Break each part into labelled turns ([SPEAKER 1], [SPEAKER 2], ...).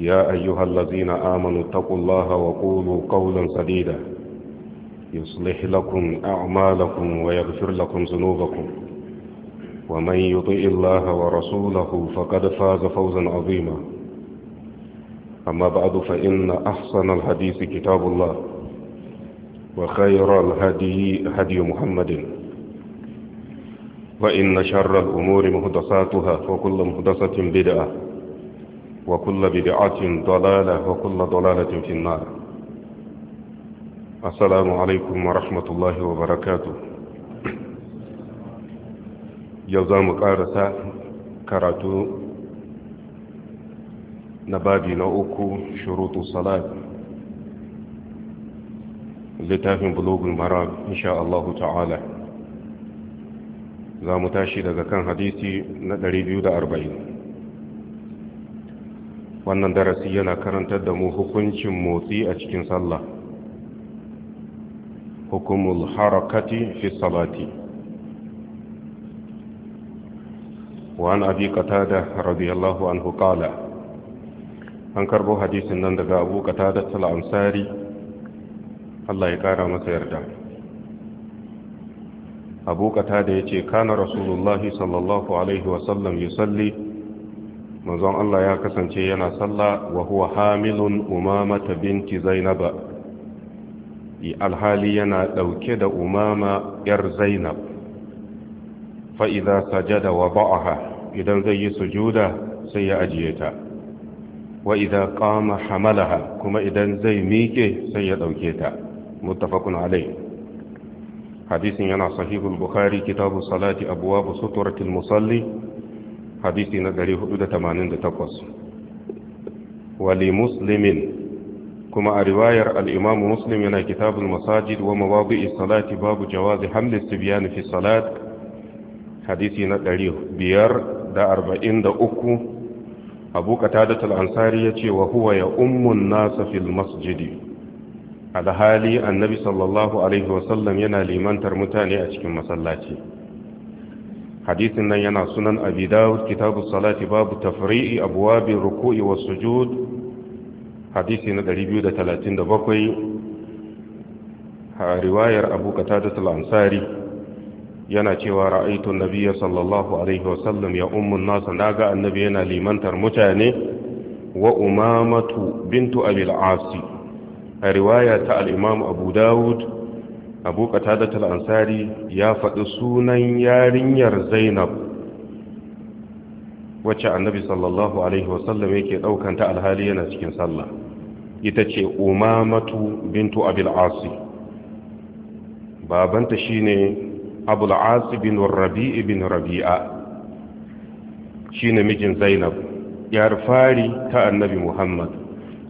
[SPEAKER 1] يا أيها الذين آمنوا اتقوا الله وقولوا قولا سديدا يصلح لكم أعمالكم ويغفر لكم ذنوبكم ومن يطع الله ورسوله فقد فاز فوزا عظيما أما بعد فإن أحسن الحديث كتاب الله وخير الهدي هدي محمد وإن شر الأمور مهدساتها وكل مهدسة بدعة وكل بدعة ضلالة وكل ضلالة في النار السلام عليكم ورحمة الله وبركاته يوزام قارسة كراتو نبادي نوكو شروط الصلاة littafin bulogun maram insha Allah ta'ala za mu tashi daga kan hadisi na 240 wannan darasi yana karantar da mu hukuncin motsi a cikin sallah hukumul harakati fi salati وعن أبي قتادة رضي الله عنه قال أنكر بو حديث أن أبو قتادة الأنصاري الله يقارى مسير دعم abu kata da ya ce kana rasulullahi sallallahu alaihi wasallam yusalli manzon Allah ya kasance yana sallah wa huwa hamilun umamata binti Yi alhali yana ɗauke da umama ‘yar zainab fa'iza sajada wa ba'aha idan zai yi sujuda sai ya ajiye ta wa idan hamalaha kuma idan zai miƙe sai ya ɗauke ta mutafakun alai hadisin yana sahihul bukhari kitabu salati abuwa bu suturatul musalli hadisi na 488 wali muslimin kuma a riwayar al'imamu muslim yana kitabul masajid wa mawabi salati babu jawazi hamlis biya nufi salat hadisi na 543 abu katadatul ansari ya ce wa huwa ya ummun nasa fil masjidi alhali annabi sallallahu alaihi wasallam yana limantar mutane a cikin masallaci hadisin nan yana sunan abi dawud kitabu salati babu tafri'i abwabi ruku'i was sujud hadisi na 237 a riwayar abu qatada al-ansari yana cewa ra'aitu nabiyya sallallahu alaihi sallam ya ummun nas naga annabi yana limantar mutane wa umamatu bintu abil as a riwaya ta al-imam abu dawud abu qatadatul ansari ya faɗi sunan yarinyar zainab wacce annabi sallallahu alaihi wasallam yake ɗaukanta alhali yana cikin sallah ita ce umamatu bintu abil asi babanta shine abul asi bin rabi'i bin rabi'a shine mijin zainab yar fari ta annabi muhammad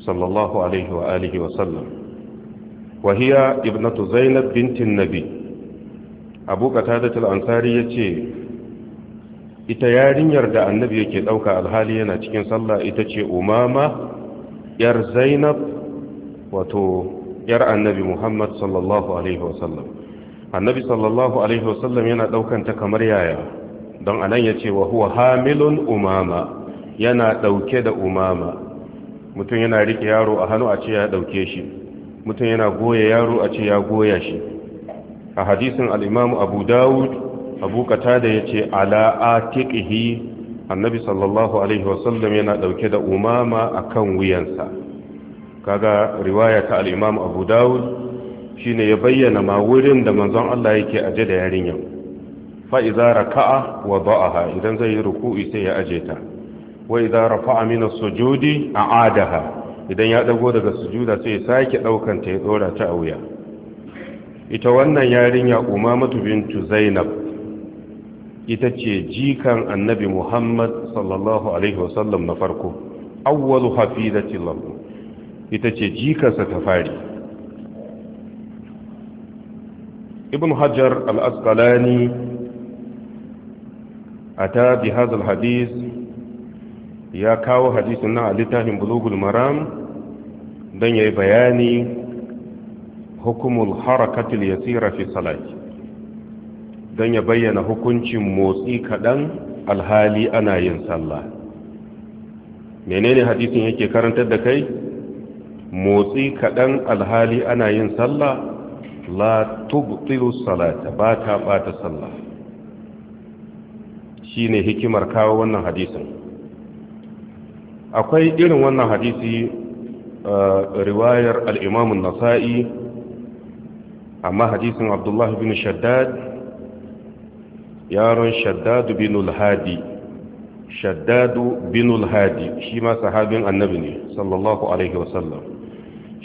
[SPEAKER 1] sallallahu alaihi wa alihi wasallam wahiya ibnatu zainab bintin nabi abu qatadatul ansari yace ita yarinyar da annabi yake ɗauka alhali yana cikin sallah ita ce umama yar zainab wato yar annabi muhammad sallallahu alaihi wasallam annabi sallallahu alaihi wasallam yana ɗaukanta ta kamar yaya don anan yace wa huwa hamilun umama yana ɗauke da umama mutum yana riƙe yaro a hannu a ce ya ɗauke shi mutum yana goya yaro a ce ya goya shi a hadisin al'imamu abu dawud abu da ya ce alaatikihi annabi sallallahu alaihi wasallam yana ɗauke da umama a kan wuyansa kaga riwaya ta al'imamu abu dawud shi ne ya bayyana ma wurin da manzon Allah yake aje da yarinyar fa'iza raka'a wa ba'aha idan zai yi ruku'i sai ya aje ta Wai idan rafa'a minas sujudi a adaha idan ya ɗago daga sujuda sai ya sake ɗaukanta ta ya dora ta a wuya ita wannan yarinya umamatu bintu zainab ita ce jikan annabi muhammad sallallahu alaihi wasallam na farko awwalu hafizati lahu ita ce jikansa ta fari ibn hajar al-asqalani ata bi hadha al-hadith ya kawo hadisin nan a littafin bulugul maram don ya yi bayani hukumul harakatul yasira fi salati don ya bayyana hukuncin motsi kaɗan alhali ana yin sallah menene hadisin yake karantar da kai motsi kaɗan alhali ana yin sallah la tubtilu salata ba ta ɓata sallah shine hikimar kawo wannan hadisin akwai irin wannan hadisi eh, riwayar al'imamun nasa'i amma hadisin abdullahi bin shaddad yaron shaddadu bin ulhadi shaddadu bin ulhadi shi ma sahabin annabi ne sallallahu alaihi wasallam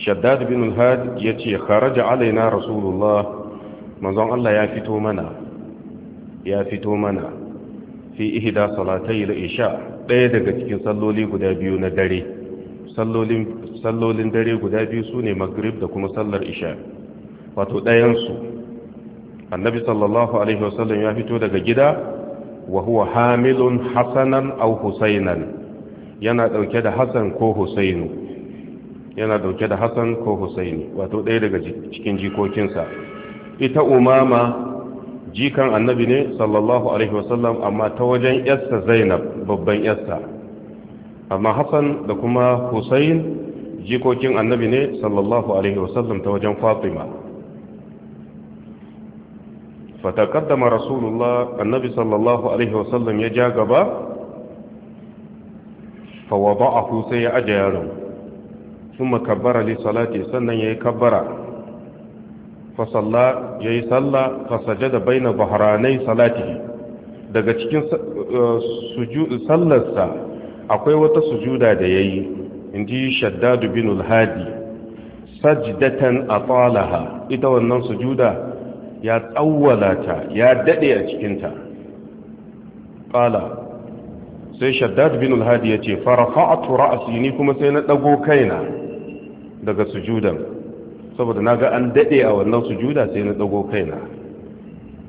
[SPEAKER 1] shaddadu bin ulhadi ya ce kharaja alaina rasulullah manzon Allah ya fito mana ya fito mana fi ihda salatai al-isha ɗaya daga cikin salloli guda biyu na dare sallolin dare guda biyu sune maghrib da kuma sallar isha wato ɗayan su annabi sallallahu alaihi wasallam ya fito daga gida wa huwa hamilun hasanan aw husainan yana dauke da hasan ko husainu yana dauke da hasan ko husaini wato ɗaya daga cikin jikokinsa ita umama jikan annabi ne sallallahu alaihi wasallam amma ta wajen yasta zainab babban yasta amma hassan da kuma husain jikokin annabi ne sallallahu alaihi wasallam ta wajen fatima fatakaddama rasulullah annabi sallallahu alaihi wasallam ya ja gaba fawada'ahu sai ya aje yaron kuma makabbara li salati sannan ya yi kabbara fasalla ya fasaje da baina na baharanai daga cikin eh, sallarsa akwai wata sujuda da ya yi in shaddadu bin ulhadi sajidatan a tsalaha ita wannan sujuda ya tsawwala ta ya daɗe a cikinta ƙala sai shaddadu bin ulhadi ya ce farfa'atu ra'asi ni kuma sai na ɗago kaina daga sujudan saboda na ga an daɗe a wannan sujuda sai na ɗago kaina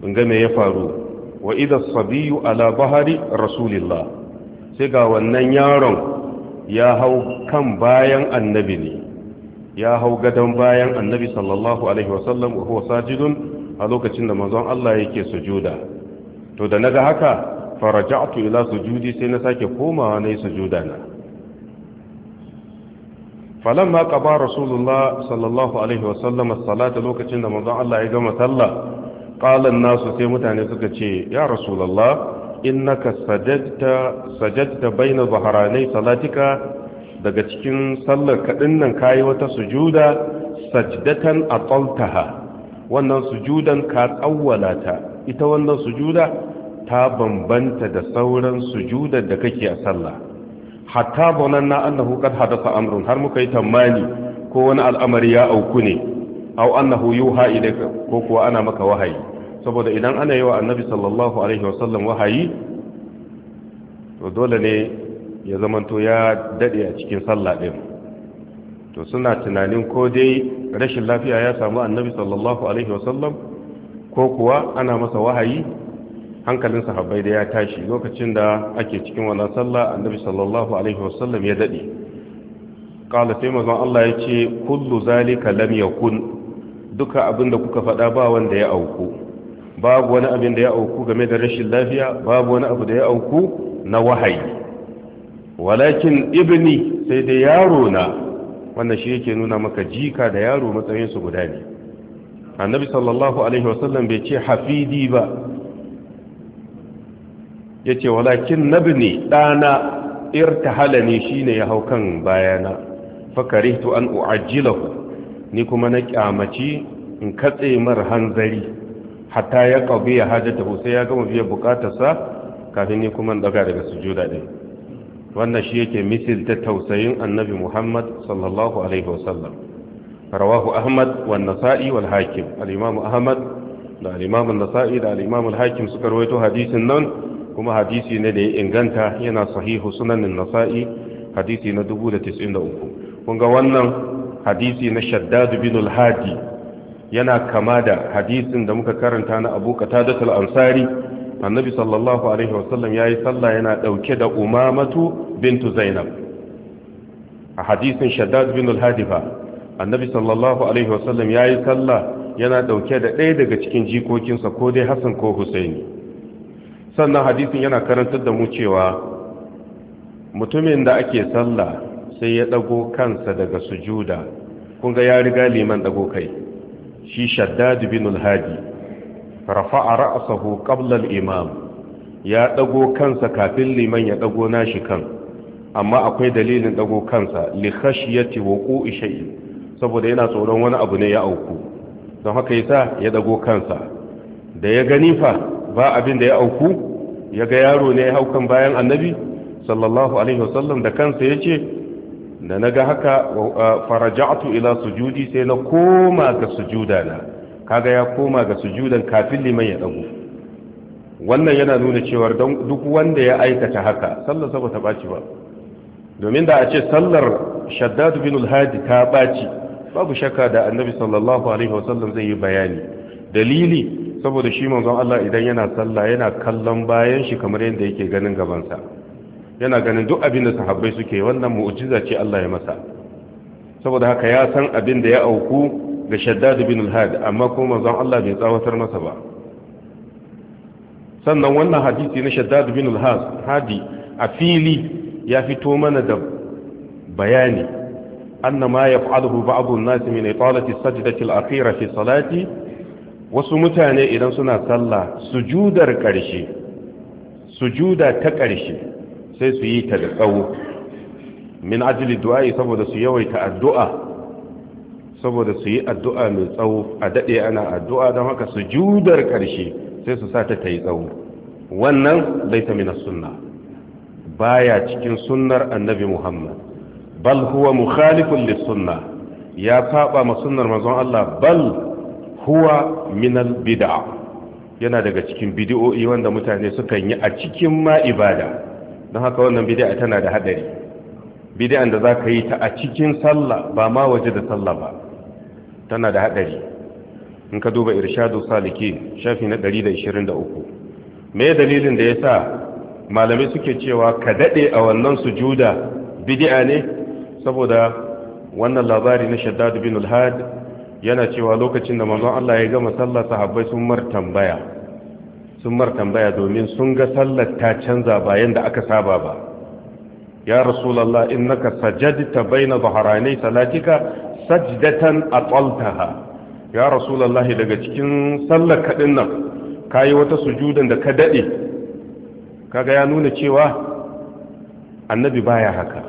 [SPEAKER 1] in ga me ya faru wa idha sabiyu ala bahari rasulillah sai ga wannan yaron ya hau kan bayan annabi ne ya hau gadon bayan annabi sallallahu alaihi wasallam wa huwa sajidun a lokacin da manzon Allah yake sujuda to da naga haka faraja'tu ila sujudi sai na sake komawa nayi sujuda na falamma qaba rasulullah sallallahu alaihi wasallam salata lokacin da manzon Allah ya gama sallah qala nasu sai mutane suka ce ya rasulullah innaka sajadta sajadta baina dhaharanai salatika daga cikin sallar kadin nan kayi wata sujuda sajdatan ataltaha wannan sujudan ka tsawwala ta ita wannan sujuda ta bambanta da sauran sujudan da kake a sallah hatta na annahu qad hadasa amrun har muka yi tamani ko wani al'amari ya auku ne aw annahu yuha ilayka ko kuwa ana maka wahayi saboda idan ana yi wa annabi sallallahu alaihi wasallam wahayi to dole ne ya zamanto ya dade a cikin sallah din to suna tunanin ko dai rashin lafiya ya samu annabi sallallahu alaihi wasallam ko kuwa ana masa wahayi hankalin sahabbai da ya tashi lokacin da ake cikin wannan sallah annabi sallallahu alaihi wasallam ya dade qala sai manzon Allah yace kullu zalika lam yakun duka abinda kuka faɗa ba wanda ya auku babu wani abin da ya auku game da rashin lafiya babu wani abu da ya auku na wahayi walakin ibni sai da yaro na wannan shi yake nuna maka jika da yaro matsayin su guda ne annabi sallallahu alaihi wasallam bai ce hafidi ba ya ce walakin nabni ɗana irtahala ta shi ne ya hau kan bayana to an u'ajjilahu ni kuma na kyamaci in katse mar hanzari hatta ya ƙaube ya hajjata sai ya gama biya bukatarsa kafin ni kuma daga daga sujuda ɗin wannan shi yake misil ta tausayin annabi muhammad sallallahu alaihi wasallam rawahu ahmad wa nasa'i wal hakim al-imam ahmad da al-imam an-nasa'i da al-imam al-hakim suka rawaito hadisin nan kuma hadisi ne da ya inganta yana sahihu sunanin nasa'i hadisi na 1093 kun ga wannan hadisi na shaddadu bin al-hadi yana kama da hadisin da muka karanta na abu al ansari annabi sallallahu alaihi wasallam yayi sallah yana dauke da umamatu bintu zainab a hadisin shaddad bin al-hadi fa annabi sallallahu alaihi wasallam yayi sallah yana dauke da ɗaya daga cikin jikokinsa ko dai hasan ko husaini sannan hadisin yana karantar da mu cewa mutumin da ake sallah sai ya dago kansa daga sujuda kun ga ya riga liman dago kai shi shaddad bin al-hadi rafa'a ra'sahu qabla al-imam ya dago kansa kafin liman ya dago nashi kan amma akwai dalilin dago kansa li khashyati wuqu'i shay'in saboda yana tsoron wani abu ne ya auku don haka yasa ya dago kansa da ya gani fa ba abin da ya auku ya ga yaro ne ya haukan bayan annabi sallallahu alaihi wasallam da kansa ya ce da na ga haka faraja'atu ila sujudi sai na koma ga sujudana kaga ya koma ga sujudan kafin liman ya dago wannan yana nuna cewa duk wanda ya aikata haka sallar sa ta baci ba domin da a ce sallar shaddad bin al-hadi ta baci babu shakka da annabi sallallahu alaihi wasallam zai yi bayani dalili saboda shi manzon Allah idan yana sallah yana kallon bayan shi kamar yadda yake ganin gabansa yana ganin duk abin da sahabbai suke wannan mu'jiza ce Allah ya masa saboda haka ya san abin da ya auku ga Shaddad bin al-Had amma kuma manzon Allah bai tsawatar masa ba sannan wannan hadisi na Shaddad bin al-Had hadi a fili ya fito mana da bayani annama ma yaf'aluhu ba'dhu an-nas min italati as-sajdati al-akhirah fi salati wasu mutane idan suna sallah sujudar ƙarshe sujuda ta ƙarshe sai su yi ta da tsawo min ajili du'a'i saboda su yawaita addu'a saboda su yi addu'a mai tsawo a daɗe ana addu'a don haka sujudar ƙarshe sai su sa ta yi tsawo wannan laita mina sunna baya cikin sunnar annabi muhammad bal huwa mukhalifun lis sunna ya saba ma sunnar manzon Allah bal huwa minal bid'a yana daga cikin bidi'o'i wanda mutane sukan yi a cikin ma ibada don haka wannan bid'a tana da hadari bid'an da zaka yi ta a cikin sallah ba ma waje da sallah ba tana da hadari in ka duba irshadu saliki shafi na 123 me dalilin da ya sa malamai suke cewa ka daɗe a wannan sujuda bidi'a ne saboda wannan labari na shaddadu bin al-had yana cewa lokacin da manzon Allah ya gama sallar sahabbai sun mar tambaya sun mar tambaya domin sun ga sallar ta canza bayan da aka saba ba ya rasulullah innaka sajadta baina dhahrani salatika sajdatan ataltaha ya rasulullah daga cikin sallar kadin nan kayi wata sujudan da ka dade kaga ya nuna cewa annabi baya haka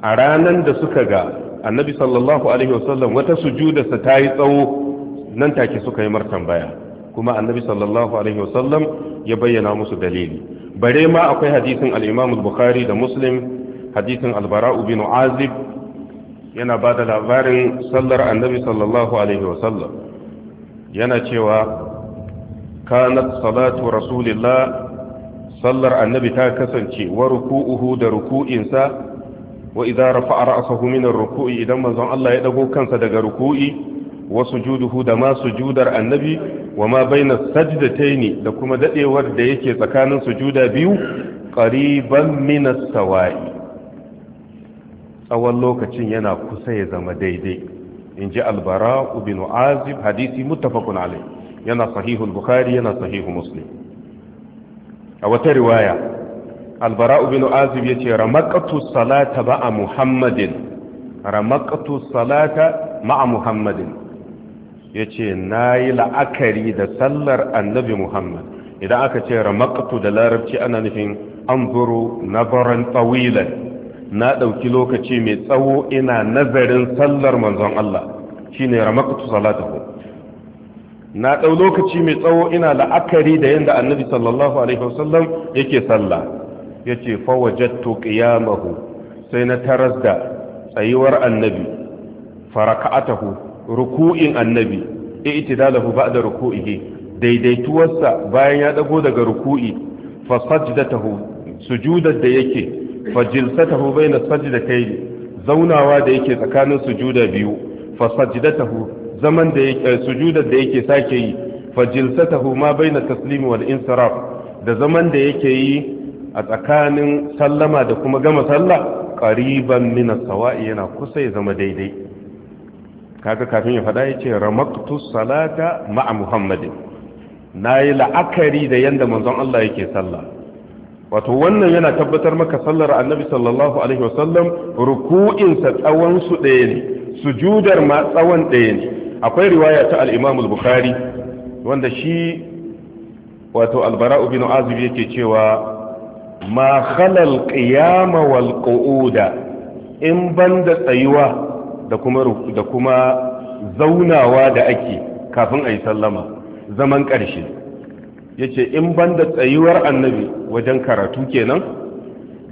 [SPEAKER 1] a ranan da suka ga annabi sallallahu alaihi wasallam wata sujudarsa ta yi tsawo nan take suka yi martan baya kuma annabi sallallahu alaihi wasallam ya bayyana musu dalili bare ma akwai hadisin al-imam al-bukhari da muslim hadisin al-bara'u bin azib yana ba da labarin sallar annabi sallallahu alaihi wasallam yana cewa kanat salatu rasulillah sallar annabi ta kasance wa ruku'uhu da ruku'insa wa idza rafa'a ra'sahu min ar-ruku'i idan manzon Allah ya dago kansa daga ruku'i wa sujuduhu da ma sujudar annabi wa ma baina sajdataini da kuma dadewar da yake tsakanin sujuda biyu qariban min as-sawa'i tsawon lokacin yana kusa ya zama daidai inji al-bara ibn azib hadisi muttafaqun alayh yana sahihu bukhari yana sahihu muslim a wata riwaya albara'u bin azib ya ce ramakatu salata a muhammadin ramakatu salata ma'a muhammadin ya ce na yi la'akari da sallar annabi muhammad idan aka ce ramakatu da larabci ana nufin an na nazarin tsawilan na ɗauki lokaci mai tsawo ina nazarin sallar manzon Allah shine ramakatu salatahu na ɗau lokaci mai tsawo ina la'akari da yadda annabi sallallahu alaihi wasallam yake sallah ya ce fawajattu mahu sai na taras da tsayuwar annabi faraka'atahu ruku'in annabi da ruku'i ruku'ihi daidaituwarsa bayan ya dago daga ruku'i fa sajdatahu sujudar da yake fa jilsatahu baina sajdatayn zaunawa da yake tsakanin sujuda biyu fa sajdatahu zaman da yake eh, sujudar da yake sake yi fa jilsatahu ma na taslimi wal insiraf da zaman da yake yi a tsakanin sallama da kuma gama sallah ƙariban mina sawai yana kusa ya zama daidai kaga kafin ya fada yace ramaqtu salata ma'a muhammadin nayi la'akari da yadda manzon Allah yake sallah wato wannan yana tabbatar maka sallar annabi sallallahu alaihi wasallam ruku'in tsawon su ɗaya ne sujudar ma tsawon ɗaya ne akwai riwaya ta al-Imam bukhari wanda shi wato Albara'u bin Azib yake cewa ma khalal qiyama wal qu'uda in banda tsayuwa da kuma da kuma zaunawa da ake kafin ayi sallama zaman ƙarshe yace in banda tsayuwar annabi wajen karatu kenan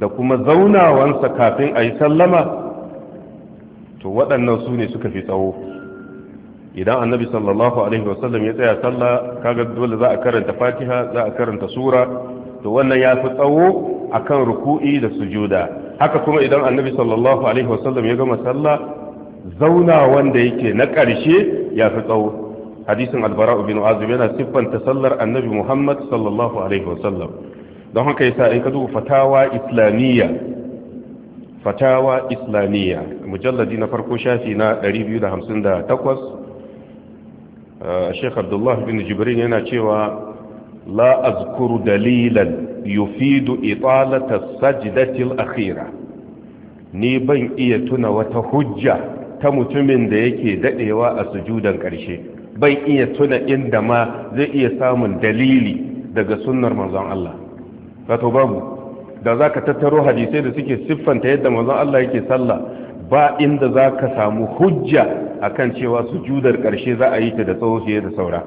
[SPEAKER 1] da kuma zaunawansa kafin ayi sallama to waɗannan su ne suka fi tsawo idan annabi sallallahu alaihi wasallam ya tsaya sallah kaga dole za a karanta fatiha za a karanta sura to wannan ya fi tsawo kan ruku'i da sujuda haka kuma idan annabi sallallahu alaihi wasallam ya gama sallah zauna wanda yake na ƙarshe ya fi tsawo hadisin albara bin azib yana siffanta sallar annabi muhammad sallallahu alaihi wasallam don haka yasa in ka duba fatawa islamiyya fatawa islamiyya mujalladi na farko shafi na 258 eh, Sheikh Abdullah bin Jibrin yana cewa la azkuru dalilan yufidu italata sajdatil akhira ni ban iya tuna wata hujja ta mutumin da yake daɗewa a sujudan karshe ban iya tuna inda ma zai iya samun dalili daga sunnar manzon Allah wato babu da zaka tattaro hadisai da suke siffanta yadda manzon Allah yake sallah ba inda zaka samu hujja a kan cewa sujudar ƙarshe za a yi ta da tsawo fiye da saura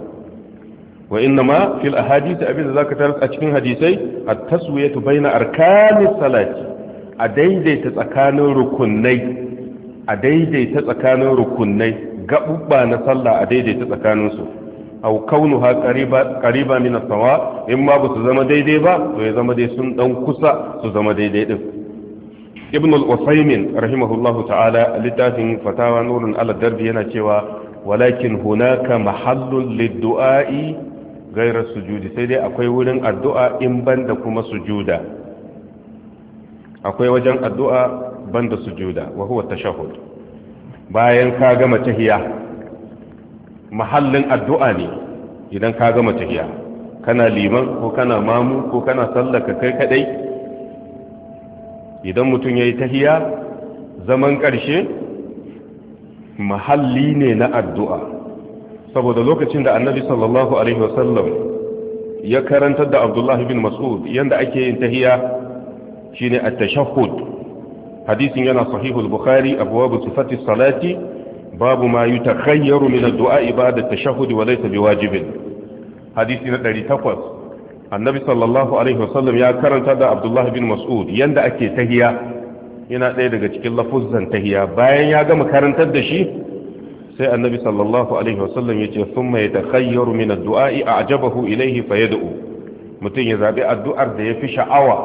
[SPEAKER 1] wa inna ma fil ahadith abin da zaka tarar a cikin hadisai at taswiyatu baina arkanis salati a daidaita tsakanin rukunai a daidaita tsakanin rukunai gabubba na sallah a daidaita tsakanin su aw ha qariba qariba min as-sawa in ma su zama daidai ba to ya zama dai sun dan kusa su zama daidai din ibn al-usaymin rahimahullahu ta'ala littafin fatawa nurun ala darbi yana cewa walakin hunaka mahallun lid-du'a'i gairar sujudi sai dai akwai wurin addu'a in banda kuma sujuda akwai wajen addu'a banda sujuda wa huwa tashahhud bayan ka gama tahiya mahallin addu'a ne idan ka gama tahiya kana liman ko kana mamu ko kana sallaka kai kadai idan mutum ya yi tahiya zaman ƙarshe mahalli ne na addu'a saboda lokacin da annabi sallallahu alaihi wasallam ya karantar da abdullahi bin mas'ud yanda ake yin tahiya shine at-tashahhud hadisin yana sahihul bukhari abwabu sifati salati babu ma yutakhayyaru min ad-du'a ibada at-tashahhud wa laysa biwajibin hadisi na 800 annabi sallallahu alaihi wasallam ya karanta da abdullahi bin mas'ud yanda ake tahiya yana ɗaya daga cikin lafuzan tahiya bayan ya gama karantar da shi sai annabi sallallahu alaihi wasallam ya ce sun mai da min addu'a'i a ajabahu ilaihi fa yad'u mutum ya zaɓi addu'ar da ya fi sha'awa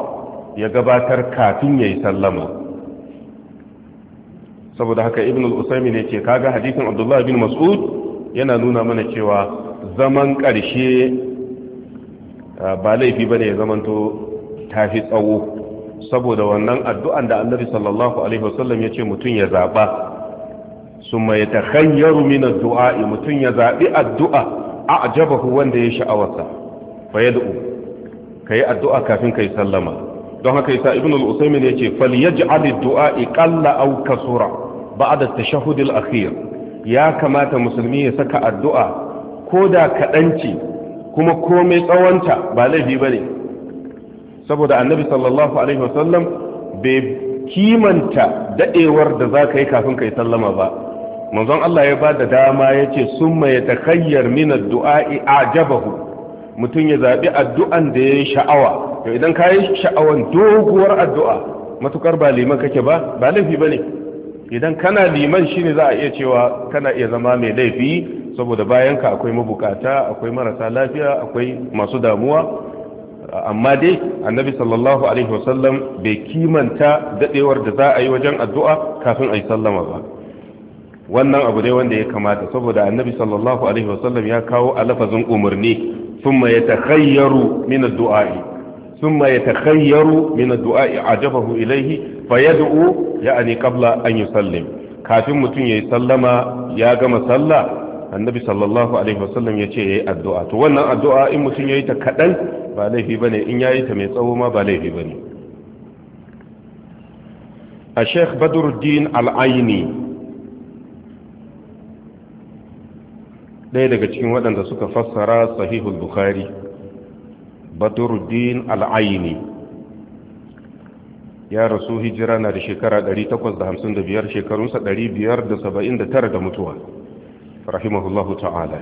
[SPEAKER 1] ya gabatar kafin yayi sallama saboda haka ibn al-usaymin ya ce kaga hadisin abdullahi bin mas'ud yana nuna mana cewa zaman ƙarshe ah, ba laifi ba ne ya zamanto tafi tsawo saboda wannan addu'an da annabi sallallahu alaihi wasallam ya ce mutum ya zaɓa. ثم يتخير من الدعاء متن يزابي الدعاء أعجبه وانده يشأوسه فيدعو كي الدعاء كافين كي سلم don haka yasa ibn al ya ce falyaji ad-du'a qalla aw kasura ba'da at-tashahhud al ya kamata musulmi ya saka addu'a ko da kaɗanci kuma komai tsawonta ba laifi bane saboda annabi sallallahu alaihi wasallam bai kimanta daɗewar da zaka yi kafin yi sallama ba manzon Allah ya ba da dama ya ce sun mai takayyar minar du'a'i a jabahu mutum ya zaɓi addu'an da ya yi sha'awa to idan ka yi sha'awan doguwar addu'a matukar ba liman kake ba ba laifi ba ne idan kana liman shi ne za a iya cewa kana iya zama mai laifi saboda bayan ka akwai mabukata akwai marasa lafiya akwai masu damuwa amma dai annabi sallallahu alaihi wasallam bai kimanta daɗewar da za a yi wajen addu'a kafin a yi sallama ba wannan abu ne wanda ya kamata saboda annabi sallallahu alaihi wasallam ya kawo a lafazin umarni sun thumma yatakhayyaru min sun duai thumma yatakhayyaru min a ad-du'a'i ajabahu ilayhi fayad'u ya'ni kabla an yi yusallim kafin mutum ya yi sallama ya gama sallah annabi sallallahu alaihi wasallam ya yi addu'a to wannan addu'a in mutum ya yi ta kaɗan ba laifi ba ne in ya yi ta mai tsawo ma ba laifi ba bane الشيخ بدر الدين العيني ɗaya daga cikin waɗanda suka fassara sahihul bukhari badruddin al'ayini ya rasu hijira na da shekara 855 shekarunsa 579 da mutuwa rahimahullahu ta'ala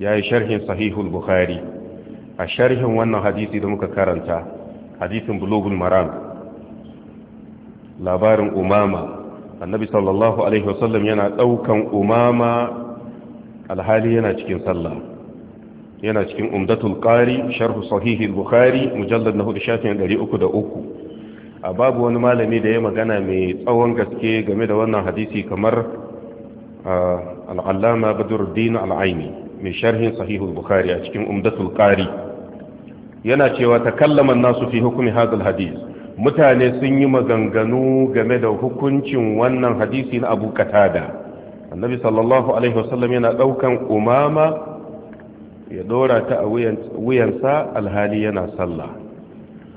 [SPEAKER 1] ya yi sharhin sahihul bukhari a sharhin wannan hadisi da muka karanta hadisin bulogul maram labarin umama annabi sallallahu alaihi wasallam yana daukan umama alhali yana cikin sallah yana cikin umdatul qari sharh sahih al-bukhari mujallad na hudu shafin a babu wani malami da ya magana mai tsawon gaske game da wannan hadisi kamar al-allama badruddin al-aini mai sharhin sahih al-bukhari a cikin umdatul qari yana cewa takallama an-nasu fi hukmi hadha al-hadith mutane sun yi maganganu game da hukuncin wannan hadisi na abu katada annabi sallallahu alaihi wasallam yana daukan umama ya dora ta a wuyansa alhali yana sallah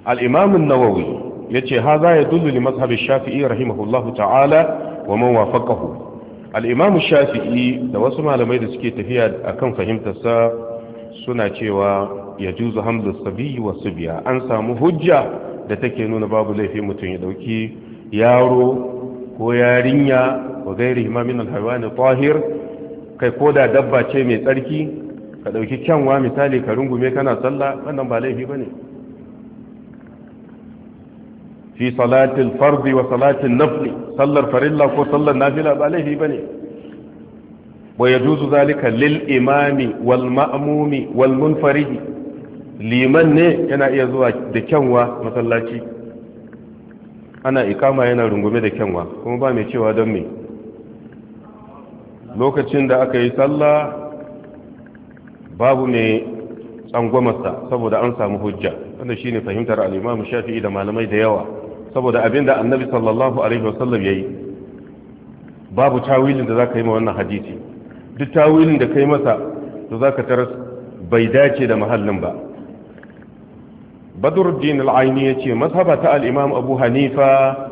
[SPEAKER 1] al-imam nawawi yace haza ya dullu li mazhab shafi'i rahimahullahu ta'ala wa man wafaqahu al-imam shafi'i da wasu malamai da suke tafiya akan fahimtarsa suna cewa yajuzu hamdu sabiyi wa subiya an samu hujja da take nuna babu laifi mutum ya dauki yaro ko yarinya wa gairi min alhaiwani tahir kai ko da dabba ce mai tsarki ka dauki kyanwa misali ka rungume kana sallah wannan ba laifi bane fi salatin fardi wa salatin nafli sallar farilla ko sallar nafila ba laifi bane wa yajuzu zalika lil imami wal ma'mumi wal munfaridi liman ne yana iya zuwa da kyanwa masallaci ana ikama yana rungume da kyanwa kuma ba mai cewa don me lokacin da aka yi sallah babu mai tsangwamarsa saboda an samu hujja wanda ne fahimtar alimamu imam Shafi'i da malamai da yawa saboda abinda Annabi sallallahu alaihi wasallam yayi babu tawilin da za ka yi ma wannan hadisi duk tawilin da ka yi masa to ka taras bai dace da mahallin ba din al'aini ya ce mazhaba ta al'imam abu hanifa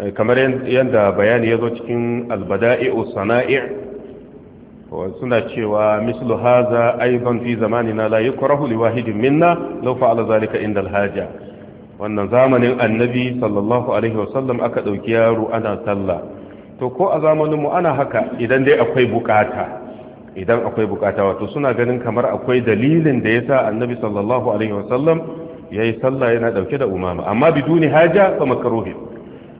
[SPEAKER 1] eh, kamar yadda bayani ya zo cikin albada'i'u sana'i suna cewa mislu haza aizon fi zamanina la yukrahu liwahidin minna law fa'ala zalika inda alhaja wannan zamanin annabi sallallahu alaihi wasallam aka ɗauki yaro ana sallah to ko a zamanin mu ana haka idan dai akwai bukata idan akwai bukata wato suna ganin kamar akwai dalilin da yasa annabi sallallahu alaihi wasallam yayi sallah yana ɗauke da umama amma biduni haja fa makruhi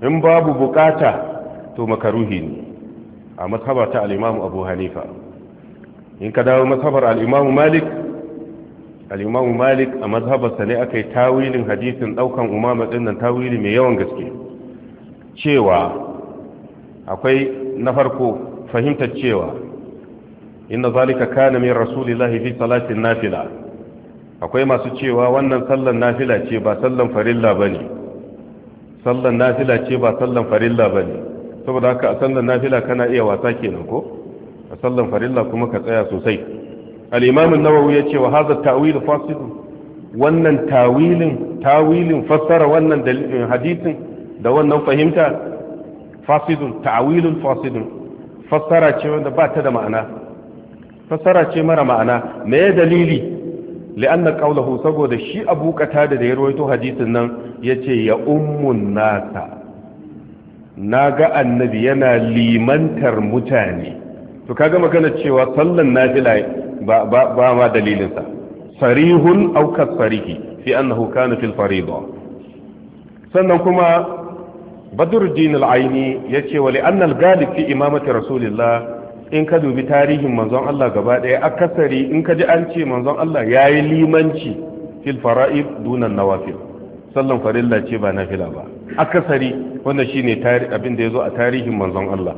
[SPEAKER 1] in babu bukata to makruhi ne a mazhaba ta al Abu Hanifa in ka dawo mazhabar al Malik al Malik a mashabarsa ne akai tawilin hadisin daukan umama din nan tawili mai yawan gaske cewa akwai na farko fahimtar cewa inna zalika kana min rasulillahi fi salatin nafila akwai masu cewa wannan sallan nafila ce ba sallan farilla bane sallan nafila ce ba sallan farilla bane saboda haka a sallan nafila kana iya wasa kenan ko a sallan farilla kuma ka tsaya sosai al-imam an-nawawi yace wa hadha ta'wil fasid wannan tawilin tawilin fassara wannan dalilin eh, hadisin da wannan fahimta fasidun ta'wilun fasidun fassara ce wanda ba ta da ma'ana fasara ce mara ma'ana me ya dalili li'anna qawluhu saboda shi Abu Qatada da ya rawaito hadisin nan yace ya ummun nasa naga annabi yana limantar mutane to kaga magana cewa sallan nafila ba ba, ba ma dalilin sa sarihun aw kasarihi fi annahu kana fil fariida sannan kuma Badruddin al-Aini yace wa li'anna al-ghalib fi imamati Rasulillah in ka dubi tarihin manzon Allah gaba ɗaya akasari in ka ji an ce manzon Allah ya yi limanci fil fara'id dunan nawafil sallan farilla ce ba fila ba akasari wanda shine abin da ya zo a tarihin manzon Allah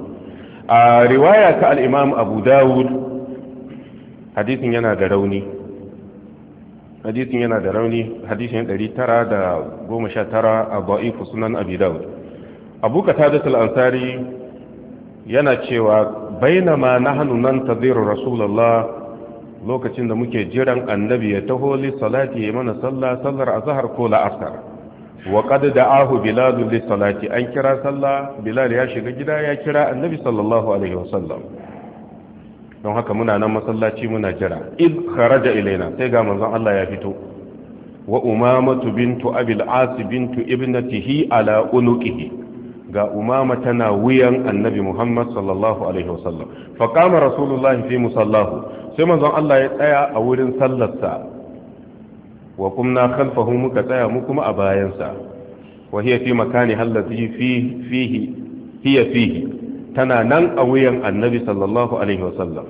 [SPEAKER 1] a riwaya ta al'imam Abu Dawud hadisin yana da rauni hadisin yana da rauni hadisin tara, a ba'ifu sunan Abi Dawud Abu Qatadah ansari yana cewa bainama nahnu nantadhiru rasulullah lokacin da muke jiran annabi ya taho li salati ya mana sallah sallar azhar ko la'asar wa da ahu bilal li salati an kira sallah bilal ya shiga gida ya kira annabi sallallahu alaihi wasallam don haka muna nan masallaci muna jira id kharaja ilaina sai ga manzon Allah ya fito wa umamatu bintu abil as bintu ibnatihi ala unuqihi ga umama tana wuyan annabi muhammad sallallahu alaihi wasallam faƙama rasulullahi fi musallahu sai manzon allah ya tsaya a wurin sallarsa wa kumna khalfahu muka tsaya mu kuma a bayansa wa hiya fi makani hallati fihi hiya fihi tana nan a wuyan annabi sallallahu alaihi wasallam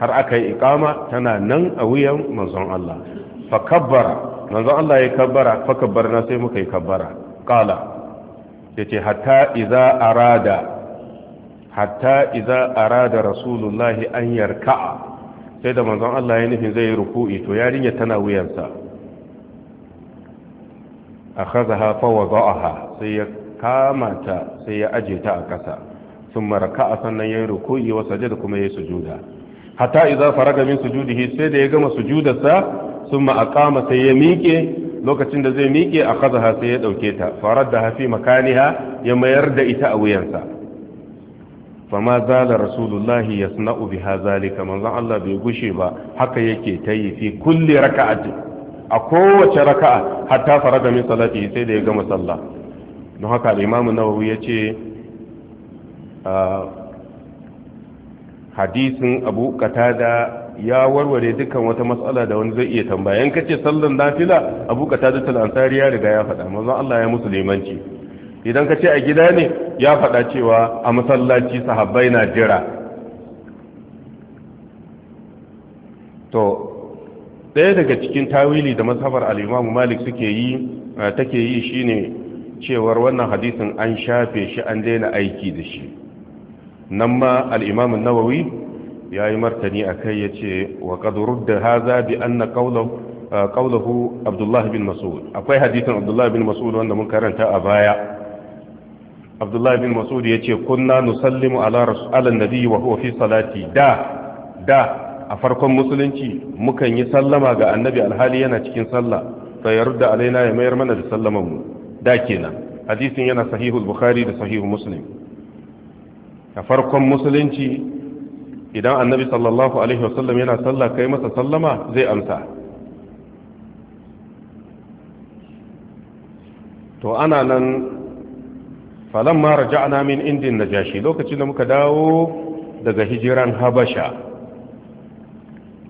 [SPEAKER 1] har aka yi iqama tana nan a wuyan manzon Allah fa kabbara manzon Allah ya kabbara fa kabbarna sai muka yi kabbara qala yace hatta idza arada hatta idza arada rasulullahi an yarka'a sai da manzon Allah ya nufin zai ruku'i to ya tana wuyansa akhadha fa wada'aha sai ya kama ta sai ya aje ta a ƙasa sun maraka sannan ya yi wa sajada kuma ya yi sujuda hatta iza faraga min sujudihi sai da ya gama sujudarsa sun ma'aƙama sai ya miƙe lokacin da zai miƙe a kazaha sai ya ɗauke ta farar da hafi makaniha ya mayar da ita a wuyansa fama zala rasulullahi ya suna ubi ha zalika manzan Allah bai gushe ba haka yake ta yi fi kulle a kowace raka'a hatta farar da min sai da ya gama sallah don haka imamu nawawi ya ce ah, hadisin abu katada ya warware dukkan wata matsala da wani zai iya tambaya in kace sallan nafila abu ta al ansari ya riga ya faɗa manzo Allah ya musu limanci idan ka ce a gida ne ya faɗa cewa a masallaci sahabbai na jira to ɗaya daga cikin tawili da masafar al-Imam Malik suke yi take yi shine cewar wannan hadisin an shafe shi an daina aiki da shi nan ma al-Imam an-Nawawi ya yi martani a kai ya ce wa ƙadurur da haza bi an na ƙaunahu ah, abdullahi bin masud akwai hadisin abdullahi bin masud wanda mun karanta a baya abdullahi bin masud ya ce kunna nusallimu ala rasu'alan nabi wa huwa fi salati da da a farkon musulunci mukan yi sallama ga annabi alhali yana cikin sallah ta Rudda alaina ya mayar mana da sallamanmu da kenan hadisin yana sahihul bukhari da sahihul muslim a farkon musulunci idan annabi sallallahu alaihi wasallam yana sallah kai masa sallama zai amsa to ana nan falon mara ja'ana min indin na jashi lokacin da muka dawo daga hijiran habasha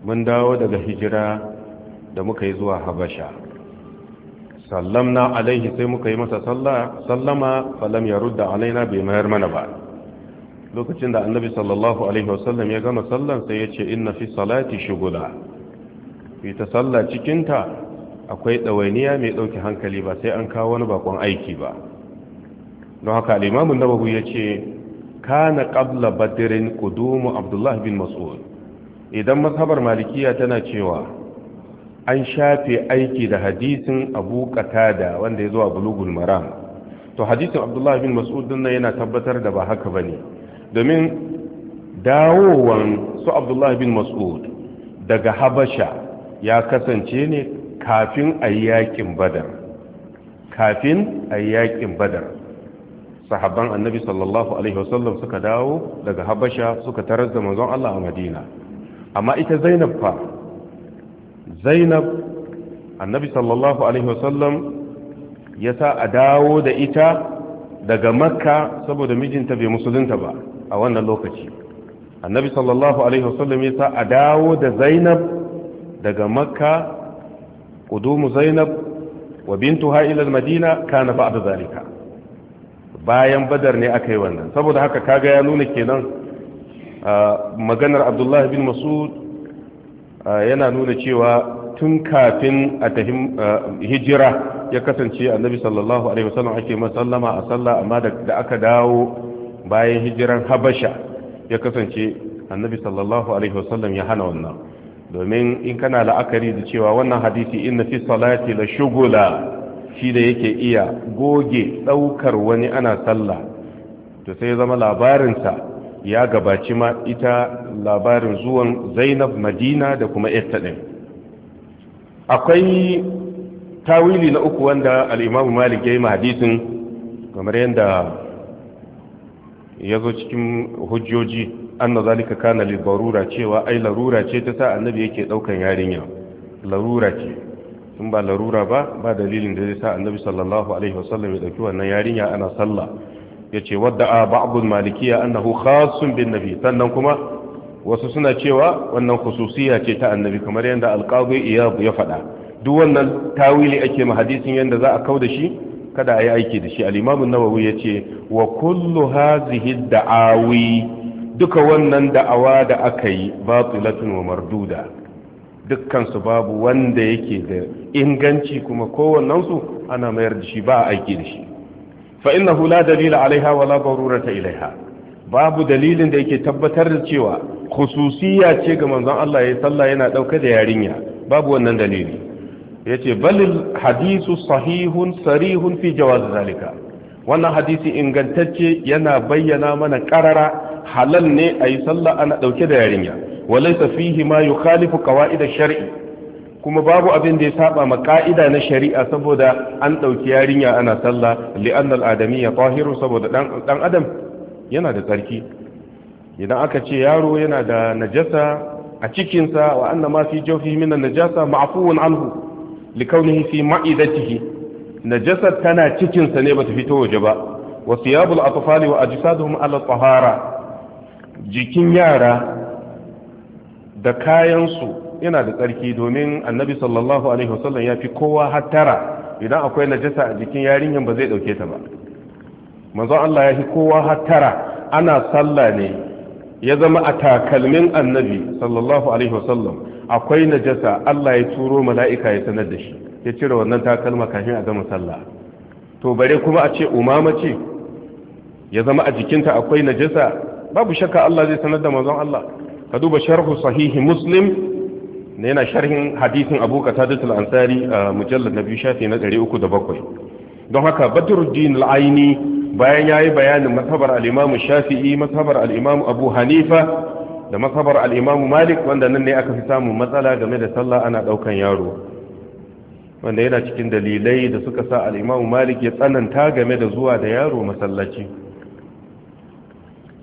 [SPEAKER 1] mun dawo daga hijira da muka yi zuwa habasha na alaihi sai muka yi masa sallama falam ya rudda alaina bai mayar mana ba lokacin da annabi sallallahu alaihi wasallam ya gama sallan sai ya ce inna fi salati shugula fi ta salla cikinta akwai ɗawainiya mai ɗauki hankali ba sai an kawo wani bakon aiki ba don haka alimamun nabahu ya ce kana ƙabla badirin kudumu abdullahi bin mas'ud idan mazhabar malikiya tana cewa an shafe aiki da hadisin abu katada wanda ya zo a bulugul maram to hadisin abdullahi bin mas'ud din yana tabbatar da ba haka ba ne. domin dawowan su abdullahi bin mas'ud daga habasha ya kasance ne kafin a yakin badar kafin a yakin badar sahabban annabi sallallahu alaihi wasallam suka dawo daga habasha suka tarar da manzon Allah a madina amma ita zainab fa zainab annabi sallallahu alaihi wasallam ya sa a dawo da ita daga makka saboda mijinta bai musulunta ba a wannan lokaci annabi sallallahu alaihi wasallam ya sa a dawo da zainab daga makka kudumu zainab wa Bintu ila madina kana ba'da zalika bayan badar ne aka yi wannan saboda haka kaga ya nuna kenan maganar abdullahi bin masud yana nuna cewa tun kafin a tahim hijira ya kasance annabi sallallahu alaihi wasallam ake masallama a sallah amma da aka dawo bayan hijiran habasha ya kasance annabi sallallahu alaihi wasallam ya hana wannan domin in kana la'akari da cewa wannan hadisi inna fi salati la shugula shi da yake iya goge daukar wani ana sallah to sai zama labarinsa ya gabaci ma ita labarin zuwan zainab madina da kuma ita ɗin akwai tawili na uku wanda al'imamu malik ya yi hadisin kamar yadda ya zo cikin hujjoji anna zalika kana lil barura cewa ai larura ce ta sa annabi yake daukan yarinya larura ce in ba larura ba ba dalilin da zai sa annabi sallallahu alaihi wasallam ya dauki wannan yarinya ana sallah yace a ba'dul malikiya annahu khassun bin nabi sannan kuma wasu suna cewa wannan khususiya ce ta annabi kamar yadda alqadi iyad ya faɗa duk wannan tawili ake ma hadisin yadda za a kauda shi kada a yi aiki da shi al'imamu nawawi ya ce wa kullu hazihi da'awi duka wannan da'awa da aka yi batilatun wa marduda dukkansu babu wanda yake da inganci kuma kowannensu ana mayar da shi ba a aiki da shi fa innahu la dalila alaiha wa la barurata ilaiha babu dalilin da yake tabbatar da cewa khususiyya ce ga manzon Allah ya sallah yana dauke da yarinya babu wannan dalili ya ce balil hadisu sahihun sarihun fi jawaz zalika wannan hadisi ingantacce yana bayyana mana karara halal ne a yi sallah ana ɗauke da yarinya walai fihi ma yukhalifu khalifu ash-shar'i kuma babu abin da ya saba ma ka'ida na shari'a saboda an ɗauki yarinya ana sallah li'anna al-adami ya tahiru saboda ɗan adam yana da tsarki idan aka ce yaro yana da najasa a cikinsa wa anna ma fi jawfihi min an-najasa ma'fuun anhu likaunihi fi ma'idatihi najasar tana cikin sa ne bata fito waje ba wa siyabul atfali wa ajsaduhum ala tahara jikin yara da kayansu su yana da tsarki domin annabi sallallahu alaihi wasallam ya fi kowa hattara idan akwai najasa a jikin yarinyan ba zai dauke ta ba manzon Allah ya fi kowa hattara ana sallah ne ya zama a takalmin annabi sallallahu alaihi wasallam akwai najasa Allah ya turo mala'ika ya sanar da shi ya cire wannan takalma kafin a zama sallah to bare kuma a ce umama ce ya zama a jikinta akwai najasa babu shakka Allah zai sanar da mazan Allah ka duba sharhu sahihi muslim ne yana sharhin hadisin Abu Qatadah a ansari mujallad na biyu shafi na 307 don haka Badruddin al-Aini bayan yayi bayanin mazhabar al Shafi'i mazhabar al Abu Hanifa da masabar al'imamu malik wanda nan ne aka fi samun matsala game da sallah ana ɗaukan yaro wanda yana cikin dalilai da suka sa al'imamu malik ya tsananta game da zuwa da yaro masallaci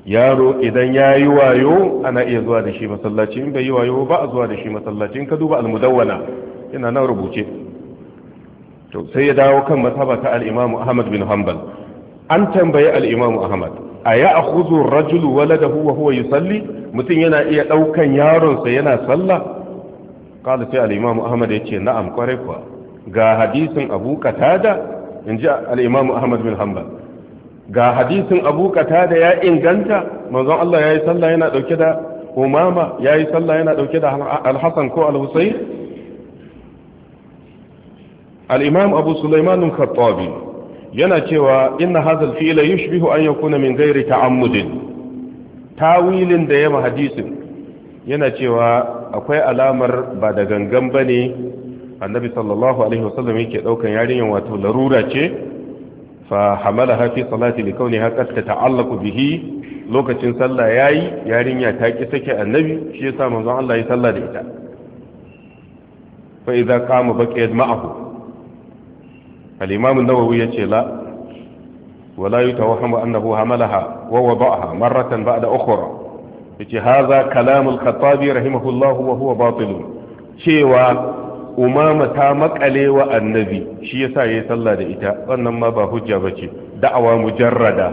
[SPEAKER 1] yaro idan ya yi wayo ana iya zuwa da shi masallaci in bai yi wayo ba a zuwa da shi masallaci in ka duba almudawwana yana nan rubuce to sai ya dawo kan masaba ta al'imamu ahmad bin hanbal an tambayi al'imamu ahmad a ya akuzu rajulu waladahu da huwa huwa yusalli mutum yana iya ɗaukan yaronsa yana sallah qala sai al-imam ahmad yace na'am kwarai kuwa ga hadisin abu qatada inji al al'imamu ahmad bin hanbal ga hadisin abu qatada ya inganta manzon Allah ya yi sallah yana dauke da umama ya yi sallah yana dauke da alhassan ko al-husayn al abu sulaimanun al-khattabi yana cewa inna hazal fi'la yushbihu an yakuna min ghairi ta'ammudin tawilin da yama hadisin yana cewa akwai alamar ba da gangan bane annabi sallallahu alaihi wasallam yake daukan yarinyan wato larura ce fa hamalaha fi salati likawniha ta ta'allaku bihi lokacin sallah yayi yarinya ta ki take annabi shi yasa manzon Allah ya sallah da ita fa idza qama baqiyat ma'ahu alimamin imam an-nawawi yace la wala yutawahhamu annahu hamalaha wa wada'aha marratan ba'da ukhra yace hadha kalam al-khattabi rahimahullah wa huwa cewa umama ta maƙale wa annabi shi yasa ya sallah da ita wannan ma ba hujja bace da'awa mujarrada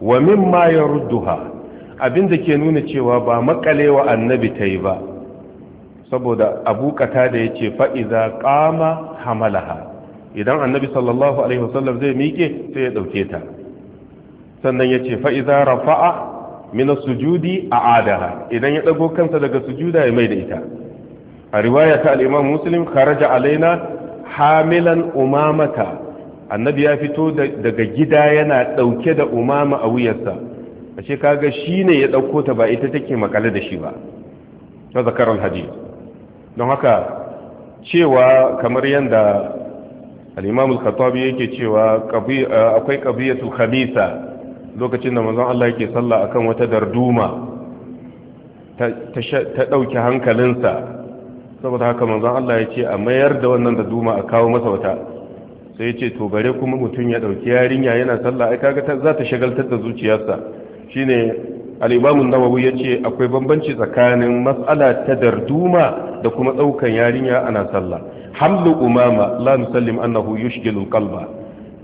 [SPEAKER 1] wa min mimma yarudduha abinda ke nuna cewa ba maƙale wa annabi tayi ba saboda abu kata da yace fa kama hamalaha idan annabi sallallahu alaihi wasallam zai miƙe sai ya ɗauke ta sannan ya ce fa'iza rafa'a mina sujudi a adaha idan ya ɗago kansa daga sujuda ya mai da ita a riwaya ta al'imam muslim kharaja alaina hamilan umamata annabi ya fito daga gida yana ɗauke da umama a wuyarsa ashe kaga shi ne ya ɗauko ta ba ita take makale da shi ba ta zakarar hajji don haka cewa kamar yadda al-imam al yake cewa akwai qabiyatu khabisa lokacin da manzon Allah yake sallah akan wata darduma ta ɗauki hankalinsa saboda haka manzon Allah ya ce a mayar da wannan darduma a kawo masa wata sai ya ce to bare kuma mutum ya ɗauki yarinya yana sallah ai kaga za ta shagaltar da zuciyarsa shine al-imam an-nawawi yace akwai bambanci tsakanin matsala ta darduma da kuma daukan yarinya ana sallah hamlu umama la nusallim annahu yushghilul qalba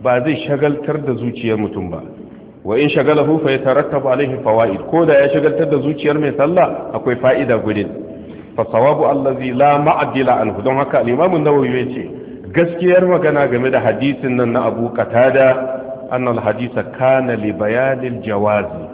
[SPEAKER 1] ba zai shagaltar da zuciyar mutum ba wa in shagalahu fa yatarattabu alaihi fawaid ko da ya shagaltar da zuciyar mai sallah akwai fa'ida gudin fa sawabu allazi la ma'dila anhu don haka al-imam an-nawawi yace gaskiyar magana game da hadisin nan na Abu Qatada anna al-hadisa kana li bayanil jawazi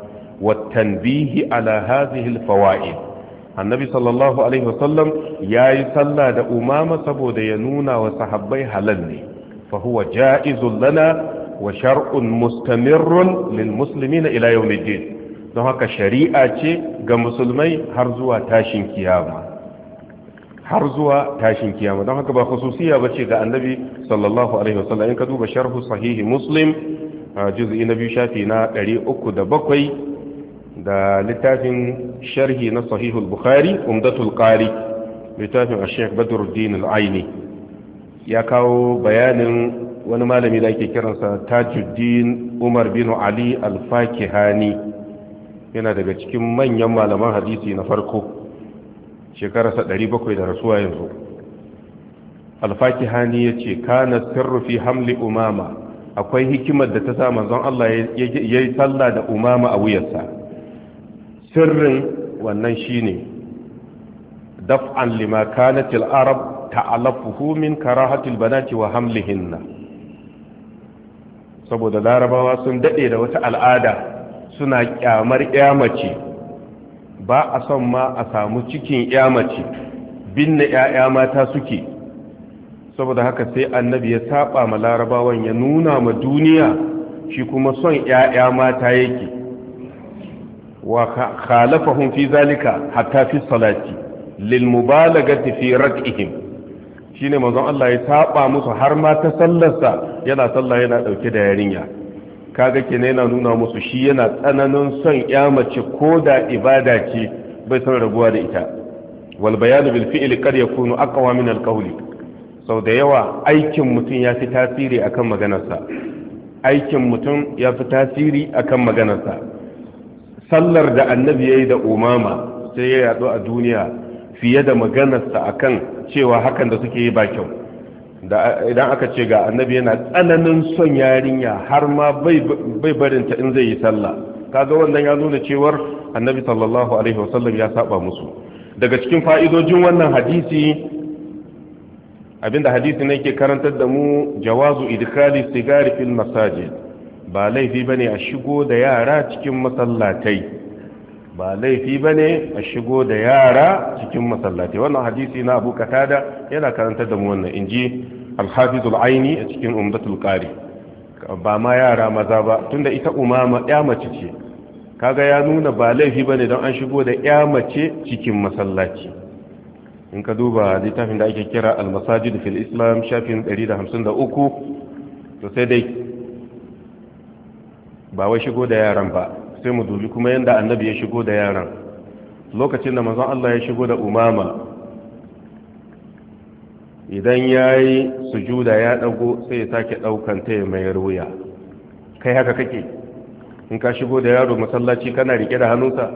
[SPEAKER 1] wa tanbihi ala hadhihi al-fawaid annabi sallallahu alaihi wasallam ya yi sallah da umama saboda ya nuna wa sahabbai halal ne fa huwa ja'izun lana wa shar'un mustamirrun lil muslimina ila yawmiddin don haka shari'a ce ga musulmai har zuwa tashin kiyama har zuwa tashin kiyama don haka ba khususiya bace ga annabi sallallahu alaihi wasallam in ka duba sharhu sahihi muslim juz'i na biyu shafi na 307 da littafin sharhi na sahihul bukhari umdatul qari littafin ash-shaykh badruddin al ya kawo bayanin wani malami da ake kiransa tajuddin umar bin ali al-fakihani yana daga cikin manyan malaman hadisi na farko shekararsa 700 da rasuwa yanzu al-fakihani ce, kana sirru fi hamli umama akwai hikimar da ta sa manzon Allah yayi sallah da umama a wuyarsa sirrin wannan shine daf'an lima kanatil arab ta'alafuhu min karahatil banati wa hamlihinna saboda larabawa sun dade da wata al'ada suna kyamar mace ba a son ma a samu cikin ƙyamaci, binne 'ya'ya mata suke saboda haka sai annabi ya saba ma larabawan ya nuna ma duniya shi kuma son ya'ya mata yake wa khalafahum fi zalika hatta fi salati lil mubalagati fi raqihim shine manzon Allah ya saɓa musu har ma ta sallarsa yana sallah yana ɗauke da yarinya kaga kenan yana nuna musu shi yana tsananin son ya mace ko da ibada ce bai san rabuwa da ita wal bayanu bil fi'li qad yakunu aqwa min al sau da yawa aikin mutum ya aikin mutum ya fi tasiri akan maganarsa sallar da annabi ya yi da umama sai ya yadu a duniya fiye da maganarsa a kan cewa hakan da suke yi ba kyau idan aka ce ga annabi yana tsananin son yarinya har ma bai barinta in zai yi sallah kaga wannan ya nuna cewar annabi sallallahu alaihi wasallam ya saba musu daga cikin fa'idojin wannan hadisi abinda hadisi ne ke karantar da mu jawazu idkali sigari fil masajid ba laifi ba ne a shigo da yara cikin masallatai ba laifi ba ne a shigo da yara cikin masallatai wannan hadisi na abu da yana karanta da mu wannan in ji alhafizul aini a cikin umdatul ƙari ba ma yara maza ba tunda ita umama ya mace ce kaga ya nuna ba laifi ba ne don an shigo da ya mace cikin masallaci in ka duba littafin da ake kira al-masajid fil islam shafin 153 to sai dai ba wai shigo da yaran ba sai mu dubi kuma yanda annabi ya shigo da yaran lokacin da manzon Allah ya shigo da umama idan yayi sujuda ya dago sai ya sake daukan ta ya mayar wuya kai haka kake in ka shigo da yaro masallaci kana rike da hannunsa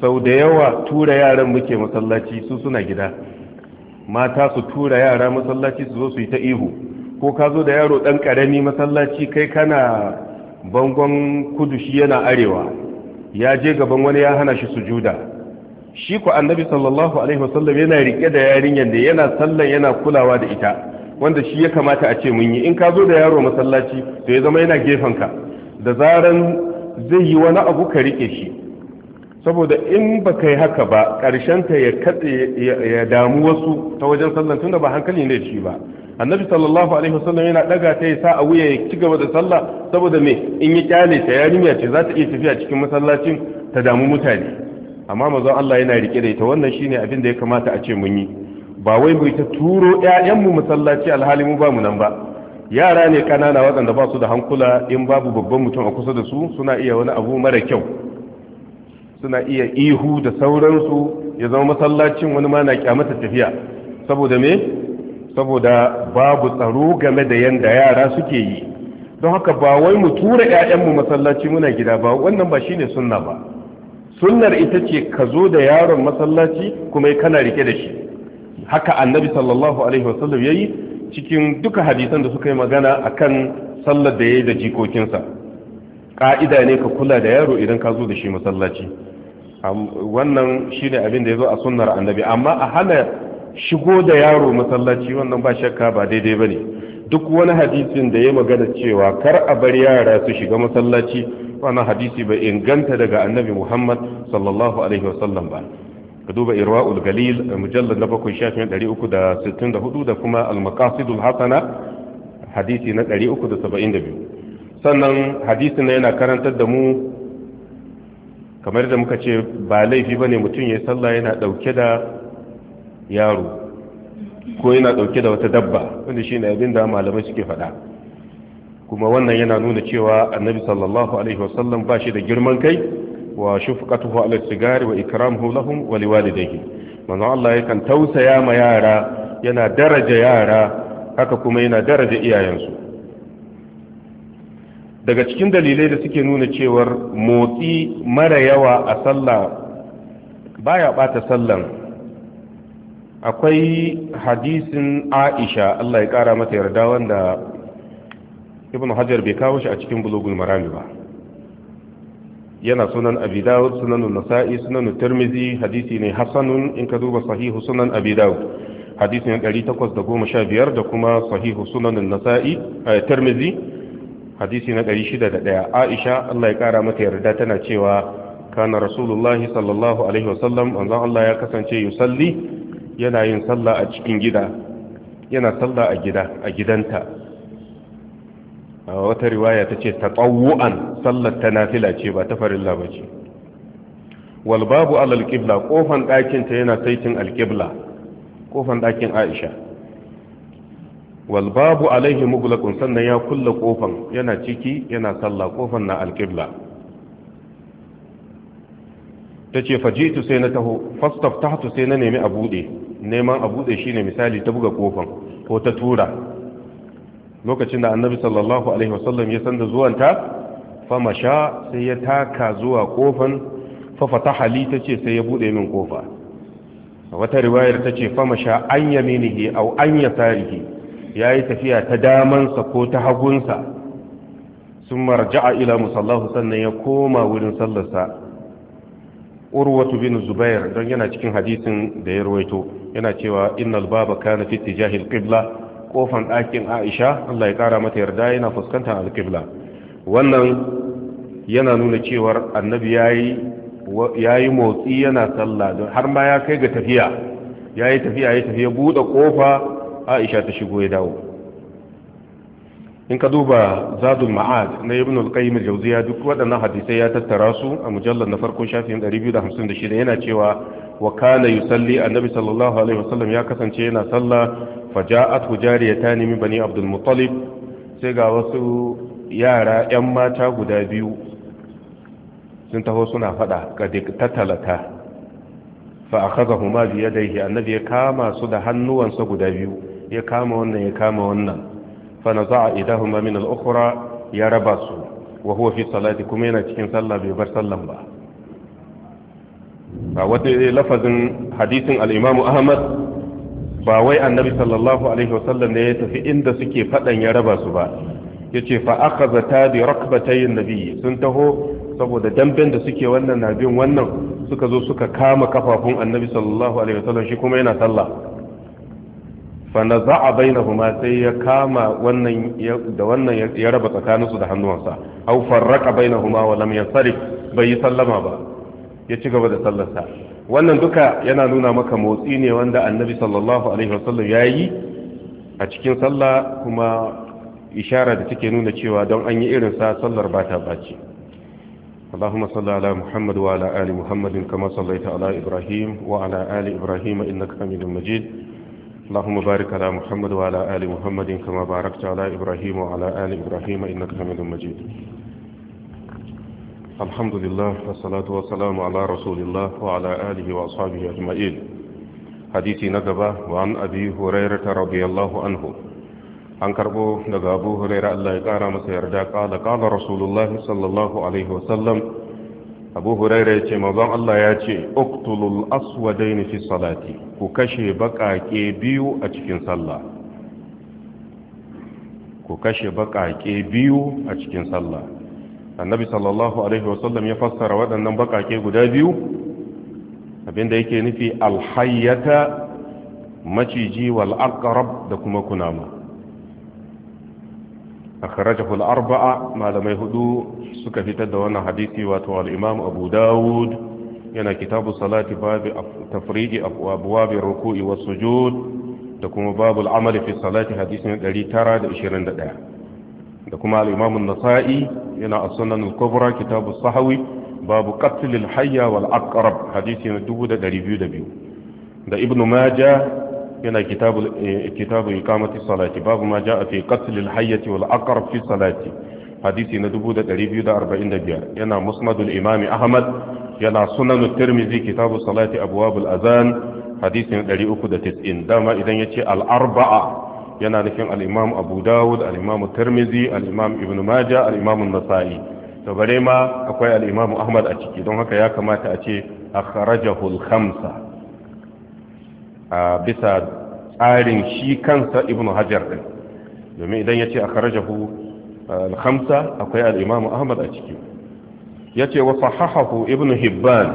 [SPEAKER 1] sau da yawa tura yaran muke masallaci su suna gida mata su tura yara masallaci su zo su yi ta ihu ko ka zo da yaro dan karami masallaci kai kana bangon kudu shi yana arewa ya je gaban wani ya hana shi sujuda shi ku annabi sallallahu alaihi wasallam yana rike da yarinyar da yana sallan yana kulawa da ita wanda shi ya kamata a ce mun yi in ka zo da yaro masallaci to ya zama yana gefen ka da zaran zai yi wani abu ka rike shi saboda in ba yi haka ba karshen ka ya katse ya damu wasu ta wajen sallan tunda ba hankali ne shi ba annabi sallallahu alaihi wasallam yana daga ta ya sa a wuya ya ci gaba da sallah saboda me in ya kyale ta yarinya ce za ta iya tafiya cikin masallacin ta damu mutane amma mazan Allah yana rike da ita wannan shine abin da ya kamata a ce mun yi ba wai mu ta turo ƴaƴanmu masallaci alhali mu ba mu nan ba yara ne kanana waɗanda ba su da hankula in babu babban mutum a kusa da su suna iya wani abu mara kyau suna iya ihu da sauransu ya zama masallacin wani ma na kyamata tafiya saboda me saboda babu tsaro game da yanda yara suke yi don haka ba wai mu tura 'ya'yanmu masallaci muna gida ba wannan ba shine sunna ba sunnar ita ce ka zo da yaron masallaci kuma kana rike da shi haka annabi sallallahu alaihi wasallam yayi cikin duka hadisan da suka yi magana a kan sallar da yayi da jikokinsa ka'ida ne ka kula da yaro idan ka zo da shi masallaci wannan shine abin da zo a sunnar annabi amma a hana shigo da yaro masallaci wannan ba shakka ba daidai ba ne duk wani hadisin da ya magana cewa kar a bar yara su shiga masallaci wannan hadisi bai inganta daga annabi muhammad sallallahu alaihi wasallam ba ka duba irwa'ul galil mujallar na bakwai shafin 364 da kuma al-maqasidul hasana hadisi na 372 sannan hadisin na yana karantar da mu kamar da muka ce ba laifi bane mutum ya sallah yana dauke da yaro ko yana dauke da wata dabba wanda shine abin da malamai suke faɗa kuma wannan yana nuna cewa annabi sallallahu alaihi wasallam ba shi da girman kai wa shufqatuhu ala sigari wa ikramuhu lahum wa liwalidayhi manzo Allah yakan tausaya ma yara yana daraja yara haka kuma yana daraja iyayensu daga cikin dalilai da suke nuna cewar motsi mara yawa a sallah baya bata sallan akwai hadisin aisha Allah ya kara mata yarda wanda ibn hajar bai kawo shi a cikin bulugul marami ba yana sunan abi dawud sunan nasa'i sunan tirmizi hadisi ne hasanun in ka duba sahihu sunan abi dawud hadisi ne 815 da kuma sahihu sunan nasa'i eh, tirmizi hadisi na 601 aisha Allah ya kara mata yarda tana cewa kana rasulullahi sallallahu alaihi wasallam manzon Allah ya kasance yusalli yana yin sallah a cikin gida yana sallah a gida a gidanta a wata riwaya ta ce taɓawu'an sallar ta nafila ce ba ta farilla ba ce walbabu alal ƙofan ɗakinta yana saitin alƙibla ƙofan ɗakin aisha walbabu alaihi mugulakun sannan ya kulla ƙofan yana ciki yana sallah ƙofan na alƙibla ta ce fajitu sai na taho fastaftahtu sai na nemi a bude neman a bude shine misali ta buga kofan ko ta tura lokacin da annabi sallallahu alaihi wasallam ya san da zuwanta famasha sai ya taka zuwa kofan fafata hali ta ce sai ya buɗe min kofa wata riwayar ta ce famasha an yaminihi au an yasarihi ya yi tafiya ta damansa ko ta hagunsa sun marja'a ila musallahu sannan ya koma wurin sallarsa urwatu bin zubair don yana cikin hadisin da ya ruwaito yana cewa innal baba kana fi tijahil qibla kofan ɗakin aisha Allah ya kara mata yarda yana fuskantar alqibla wannan yana nuna cewar annabi yayi yayi motsi yana sallah don har ma ya kai ga tafiya yayi tafiya yayi tafiya bude kofa aisha ta shigo ya dawo in ka duba zadul ma'ad na ibn al-qayyim al-jawziya duk waɗannan hadisai ya tattara su a mujallar na farko shafin 256 yana cewa wa kana yusalli annabi sallallahu alaihi wasallam ya kasance yana sallah faja'at hujariyatani min bani abdul muttalib sai ga wasu yara yan mata guda biyu sun taho suna fada ga talata fa akhadhahuma bi yadayhi annabi ya kama su da hannuwansa guda biyu ya kama wannan ya kama wannan fa naza'a idahuma min al-ukhra ya raba su wa huwa fi salati kuma yana cikin sallah bai bar sallan ba a wata lafazin hadisin al ahmad ba wai annabi sallallahu alaihi ne ya tafi inda suke fadan ya su ba yace fa zata bi rakbatay an-nabi sun taho saboda damben da suke wannan nabin wannan suka zo suka kama kafafun annabi sallallahu alaihi wasallam shi kuma yana sallah fana za a baina kuma sai ya kama da wannan ya raba tsakaninsu da hannuwansa au farraka baina kuma wa lam yansarif bai yi sallama ba ya ci gaba da sallarsa wannan duka yana nuna maka motsi ne wanda annabi sallallahu alaihi wasallam ya yi a cikin sallah kuma ishara da take nuna cewa don an yi irin sa sallar ba ta baci اللهم صل على محمد وعلى آل محمد كما صليت على إبراهيم وعلى آل إبراهيم إنك حميد مجيد اللهم بارك على محمد وعلى آل محمد كما باركت على إبراهيم وعلى آل إبراهيم إنك حميد مجيد الحمد لله والصلاة والسلام على رسول الله وعلى آله وأصحابه أجمعين حديثي نقبة وعن أبي هريرة رضي الله عنه an karbo daga abu huraira Allah ya kara masa yarda kala kala rasulullahi sallallahu alaihi wasallam abu huraira ya ce mazan Allah ya ce uktulul aswadaini fi salati ku kashe baƙaƙe biyu a cikin sallah ku kashe baƙaƙe biyu a cikin sallah annabi sallallahu alaihi wasallam ya fassara waɗannan baƙaƙe guda biyu abinda yake nufi alhayyata maciji wal aqrab da kuma kunama akhrajahu al arba'a malamai hudu suka fitar da wannan hadisi wato al imam abu dawud yana kitabu salati babu tafriji abwabir ruku'i was sujud da kuma babu al'amali fi salati hadisin 921 da kuma al-imam an-nasa'i yana as-sunan al-kubra kitabu sahawi babu qatl al-hayya wal aqrab hadisin 2202 da ibnu majah yana kitabu eh, kitabu iqamati salati babu ma jaa fi qatl al-hayyati wal aqrab fi salati hadisi na 2245 yana musnadul imami ahmad yana sunan tirmizi kitabu salati abwabul azan hadisin 390 dama idan yace al arba'a yana nufin al-imam abu dawud al-imam tirmizi al-imam ibn maja al-imam an-nasa'i to bare ma akwai al-imam ahmad a ciki don haka ya kamata a ce akhrajahu al-khamsa a bisa tsarin shi kansa ibn hajar din domin idan yace akhrajahu eh, al-khamsa akwai al-imam ahmad a ciki yace wa sahahahu Ibn hibban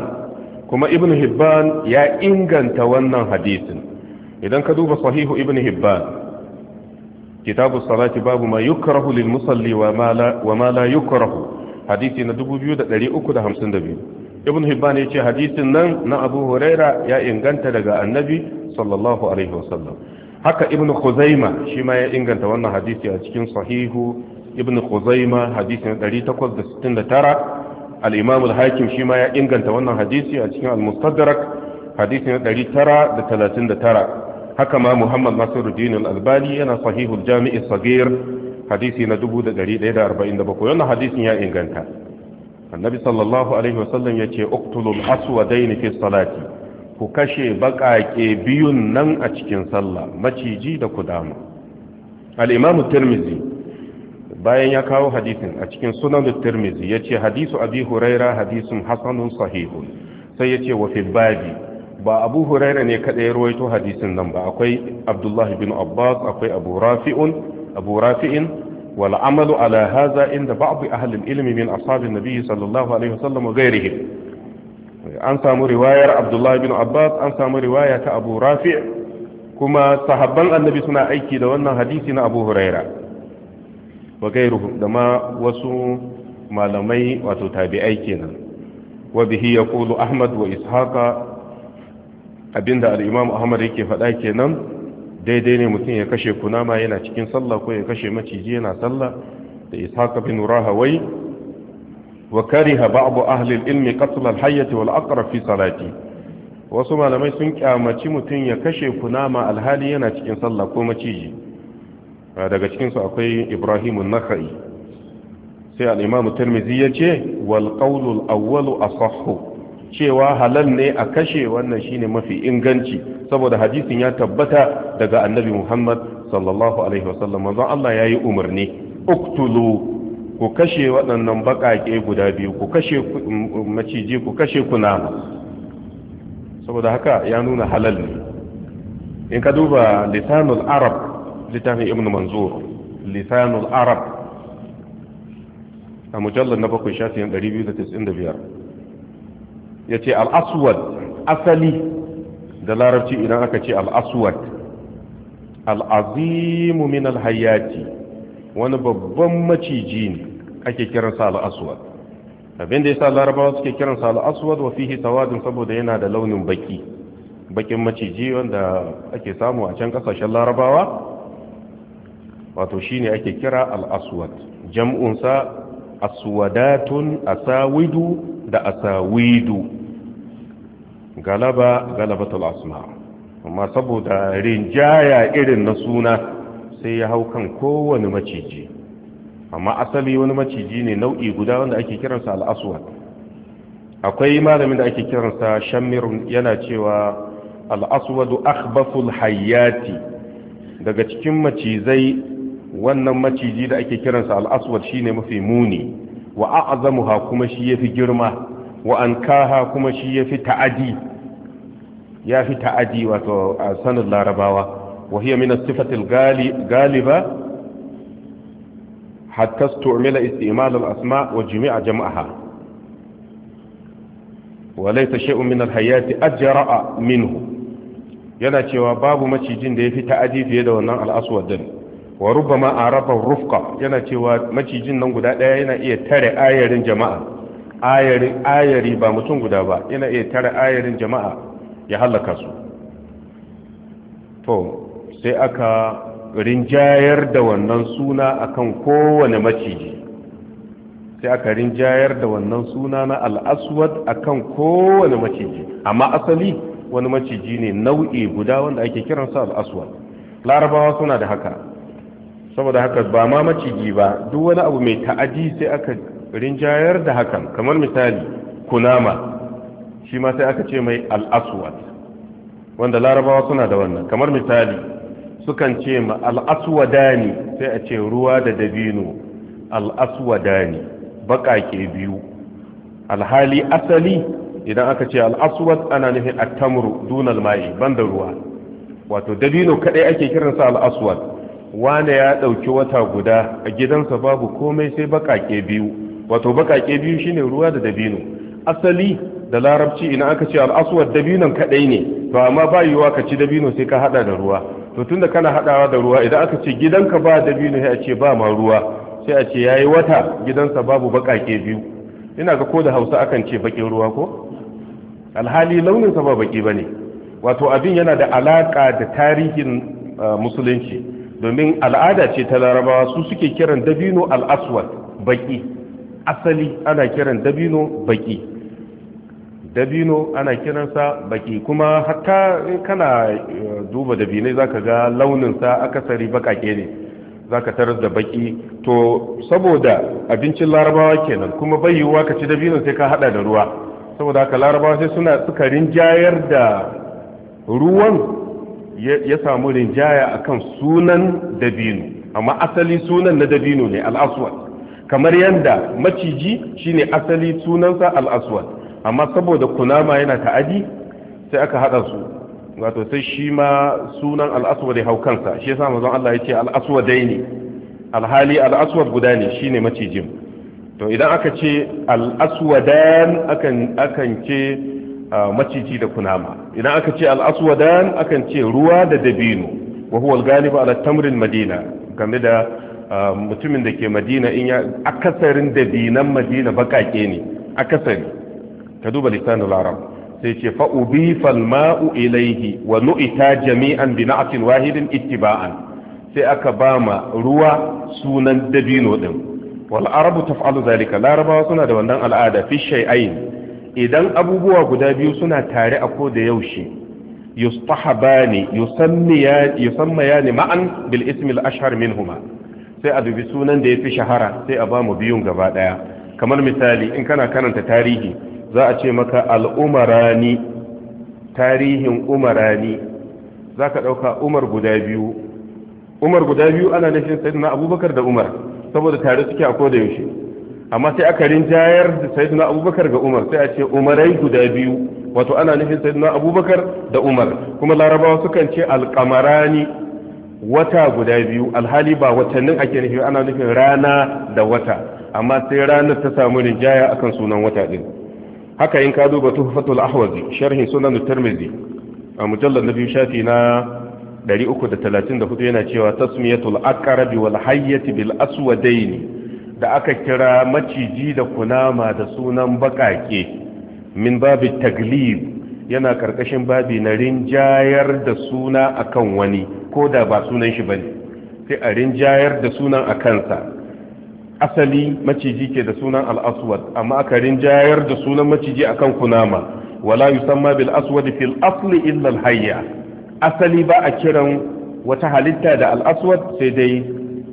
[SPEAKER 1] kuma Ibn hibban ya inganta wannan hadisin idan ka duba sahihu Ibn hibban kitabu salati babu ma yukrahu lil musalli wa ma la wa ma la yukrahu hadisi na 2352 Ibn hibban yace hadisin nan na abu huraira ya inganta daga annabi sallallahu alaihi wasallam haka ibnu khuzaima shi ma ya inganta wannan hadisi a cikin sahihu ibn khuzaima hadisin 869 al-imam al-hakim shi ya inganta wannan hadisi a cikin al hadisi na da 939 haka ma muhammad nasiruddin al-albani yana sahihul jami' as-saghir hadisi na 1147 wannan hadisi ya inganta annabi sallallahu alaihi wasallam yace uqtulul aswadain fi salati ku kashe bakake biyun nan a cikin sallah maciji da ku al-imam at-tirmidhi bayan ya kawo hadisin a cikin sunan tirmizi ya ce hadisu abi huraira hadisun hasanun sahihun sai ya ce wa babi ba abu huraira ne kadai ya ruwaito hadisin nan ba akwai abdullahi bin abbas akwai abu rafi'un abu rafi'in wal amalu ala hadha inda ba'd ahalin ilmi min ashabin nabiy sallallahu alaihi wasallam wa ghairihi an samu riwayar abdullahi bin abbas an samu riwaya ta abu rafi' kuma sahabban annabi suna aiki da wannan hadisi na abu huraira wa gairuhu da ma wasu malamai wato tabi'ai kenan wa bihi yaqulu ahmad wa ishaqa abinda al-imam ahmad yake faɗa kenan daidai ne mutum ya kashe kunama yana cikin sallah ko ya kashe maciji yana sallah da ishaqa bin rahawai wa kariha ba'd ahli al-ilmi qatl al-hayyah wal aqrab fi salati wasu malamai sun kyamaci mutum ya kashe kunama alhali yana cikin sallah ko maciji daga cikinsu akwai ibrahimu naka'i sai al'imamu tarmizi ya ce walƙaunul awwalu a cewa halal ne a kashe wannan shine mafi inganci saboda hadisin ya tabbata daga annabi muhammad sallallahu alaihi wasallam manzon allah ya yi umarni uktulu ku kashe waɗannan baƙaƙe guda biyu ku kashe mm, mm, maciji ku kashe kunama saboda haka ya nuna halal ne in ka duba lisanul arab littafin ibn manzur lisanul arab a mujallar na bakwai shafiyan 295 ya ce al'aswad asali da larabci idan aka ce al'aswad al'azimu min alhayati wani babban maciji ne ake kiransa al'aswad abin da ya sa larabawa suke kiransa al'aswad wa fihi tawadin saboda yana da launin baki bakin maciji wanda ake samu a can kasashen larabawa wato shine ake kira al-aswad jam'unsa aswadatun asawidu da asawidu galaba galabatul asma amma saboda rinjaya irin na suna sai ya hau kan kowane maciji amma asali wani maciji ne nau'i guda wanda ake kiransa al’aswad akwai malamin da ake kiransa shamirun yana cewa al-aswadu akhbaful hayati daga cikin macizai wannan maciji da ake kiransa shi ne mafi muni wa a'zamuha kuma shi ya fi girma wa ankaha kuma shi ya fi ta'adi Ya fi ta'adi wato a sanin larabawa wa hiya min sifatil galiba hatta stu'mila istimal istimalar asma wa jami'a jama'a. wa laysa shay'un min al-hayati ajra'a minhu yana cewa babu macijin da ya fi ta'adi fiye da wannan al din wa rubama arafa rufqa yana cewa macijin nan guda daya yana iya tare ayarin jama'a ayari ayari ba mutum guda ba yana iya tare ayarin jama'a ya halaka su to sai aka rinjayar da wannan suna akan kowane maciji sai aka rinjayar da wannan suna na al'aswad akan kowane maciji amma asali wani maciji ne nau'i guda wanda ake kiransa al'aswad larabawa suna da haka saboda haka ba ma maciji ba duk wani abu mai ta'adi sai aka rinjayar da hakan kamar misali kunama shi ma sai aka ce mai al'aswad wanda larabawa suna da wannan kamar misali sukan ce ma al'aswadani sai a ce ruwa da dabino al'aswadani baƙaƙe biyu alhali asali idan aka ce al'aswad ana nufin attamru dunal ma'i banda ruwa wato dabino kadai ake kiransa al'aswad wane ya ɗauki wata guda a gidansa babu komai sai baƙaƙe biyu wato baƙaƙe biyu shine ruwa da dabino asali da larabci ina aka ce al'aswar dabinon kaɗai ne to amma ba yiwuwa ka ci dabino sai ka haɗa da ruwa to tunda kana haɗawa da ruwa idan aka ce gidanka ba dabino sai a ce ba ma ruwa sai a ce ya yi wata gidansa babu baƙaƙe biyu ina ga ko da hausa akan ce bakin ruwa ko alhali launinsa ba baki ne wato abin yana da alaƙa da tarihin eh, musulunci domin al'ada ce ta larabawa su suke kiran dabino al'aswad baƙi asali ana kiran dabino baƙi dabino ana kiransa baƙi kuma hatta kana eh, duba dabinai zaka ga launinsa akasari bakake ne zaka tarar da baki to saboda abincin larabawa kenan kuma bai yiwuwa ka ci dabino sai ka haɗa da ruwa saboda haka larabawa sai suna suka rinjayar da ruwan ya samu rinjaya akan sunan dabino amma asali sunan na dabino ne al'aswad kamar yadda maciji shine asali sunansa al'aswad amma saboda kunama yana ta'adi sai aka haɗa su wato sai shi ma sunan al'aswad ya hau kansa shi yasa mazan Allah ya ce al'aswadai ne alhali al'aswad guda ne shine macijin to idan aka ce al'aswadan akan akan ce macici da kunama idan aka ce al'aswadan akan ce ruwa da dabino wa huwa galiba ala tamrin madina game da mutumin da ke madina in ya akasarin dabinan madina bakake ne akasari ka duba lisanul arab sai ce fa ubifa ma'u ilayhi wa nu'ita jami'an bi na'atin wahidin ittiba'an sai aka ba ma ruwa sunan dabino din wal arabu taf'alu zalika larabawa suna da wannan al'ada fi shay'ain idan abubuwa guda biyu suna tare a ko da yaushe yustahabani yusammayani ma'an bil ismil al-ashhar minhuma sai a dubi sunan da yafi shahara sai a bamu biyun gaba daya kamar misali in kana karanta tarihi za a ce maka al-umarani tarihin umarani zaka dauka umar guda biyu umar guda biyu ana nufin sayyidina abubakar da umar saboda tare suke a ko da yaushe amma sai aka rinjayar da sayyidina abubakar ga umar sai a ce umarai guda biyu wato ana nufin sayyidina abubakar da umar kuma larabawa sukan ce alkamarani wata guda biyu alhali ba watannin ake nufi ana nufin rana da wata amma sai ranar ta samu rinjaya akan sunan wata din haka in ka duba tuhfatul ahwazi sharhin sunan tirmidhi a mujallar na biyu shafi na 334 yana cewa tasmiyatul aqrabi wal hayyati bil aswadaini da aka kira maciji da kunama da sunan bakake min babi taglib yana karkashin babi na rinjayar da suna akan wani ko da ba sunan shi bane sai a rinjayar da sunan a kansa asali maciji ke da sunan al'aswad amma aka rinjayar da sunan maciji akan kunama wala yusamma bil aswad fil asli illa al hayya asali ba a kiran wata halitta da al'aswad sai dai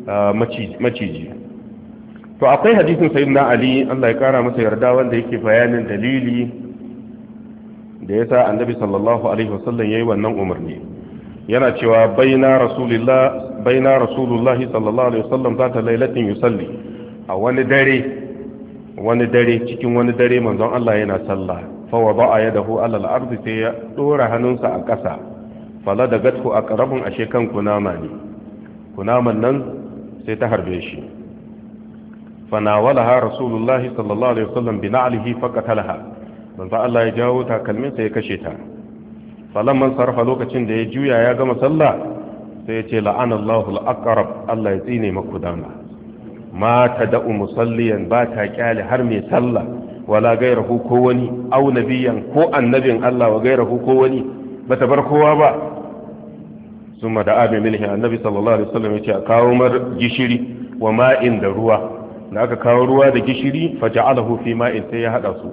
[SPEAKER 1] ah, maciji to akwai hadisin sayyidina ali Allah ya kara masa yarda wanda yake bayanin dalili da yasa annabi sallallahu alaihi wasallam yayi wannan umarni yana cewa baina rasulillah baina rasulullah sallallahu alaihi wasallam zata lailatin yusalli a wani dare wani dare cikin wani dare manzon Allah yana sallah fa wada'a yadahu ala al-ardi sai ya dora hannunsa a ƙasa fala da gatku aqrabun ashe kan kunama ne kunaman nan sai ta harbe shi fanawalaha rasulullahi sallallahu alaihi wasallam bi na'lihi faqatalaha manzo Allah ya jawo takalmin sa ya kashe ta falamman sarfa lokacin da ya juya ya gama sallah sai ya ce la'anallahu al Allah ya tsine maku dama ma tada'u musalliyan ba ta kyale har mai sallah wala gairahu ko wani au ko annabin Allah wa gairahu ko wani bata bar kowa ba summa da abi milhi annabi sallallahu alaihi wasallam yace a kawo mar gishiri wa ma'in da ruwa da aka kawo ruwa da gishiri faja'alahu fi ma'in sai ya hada su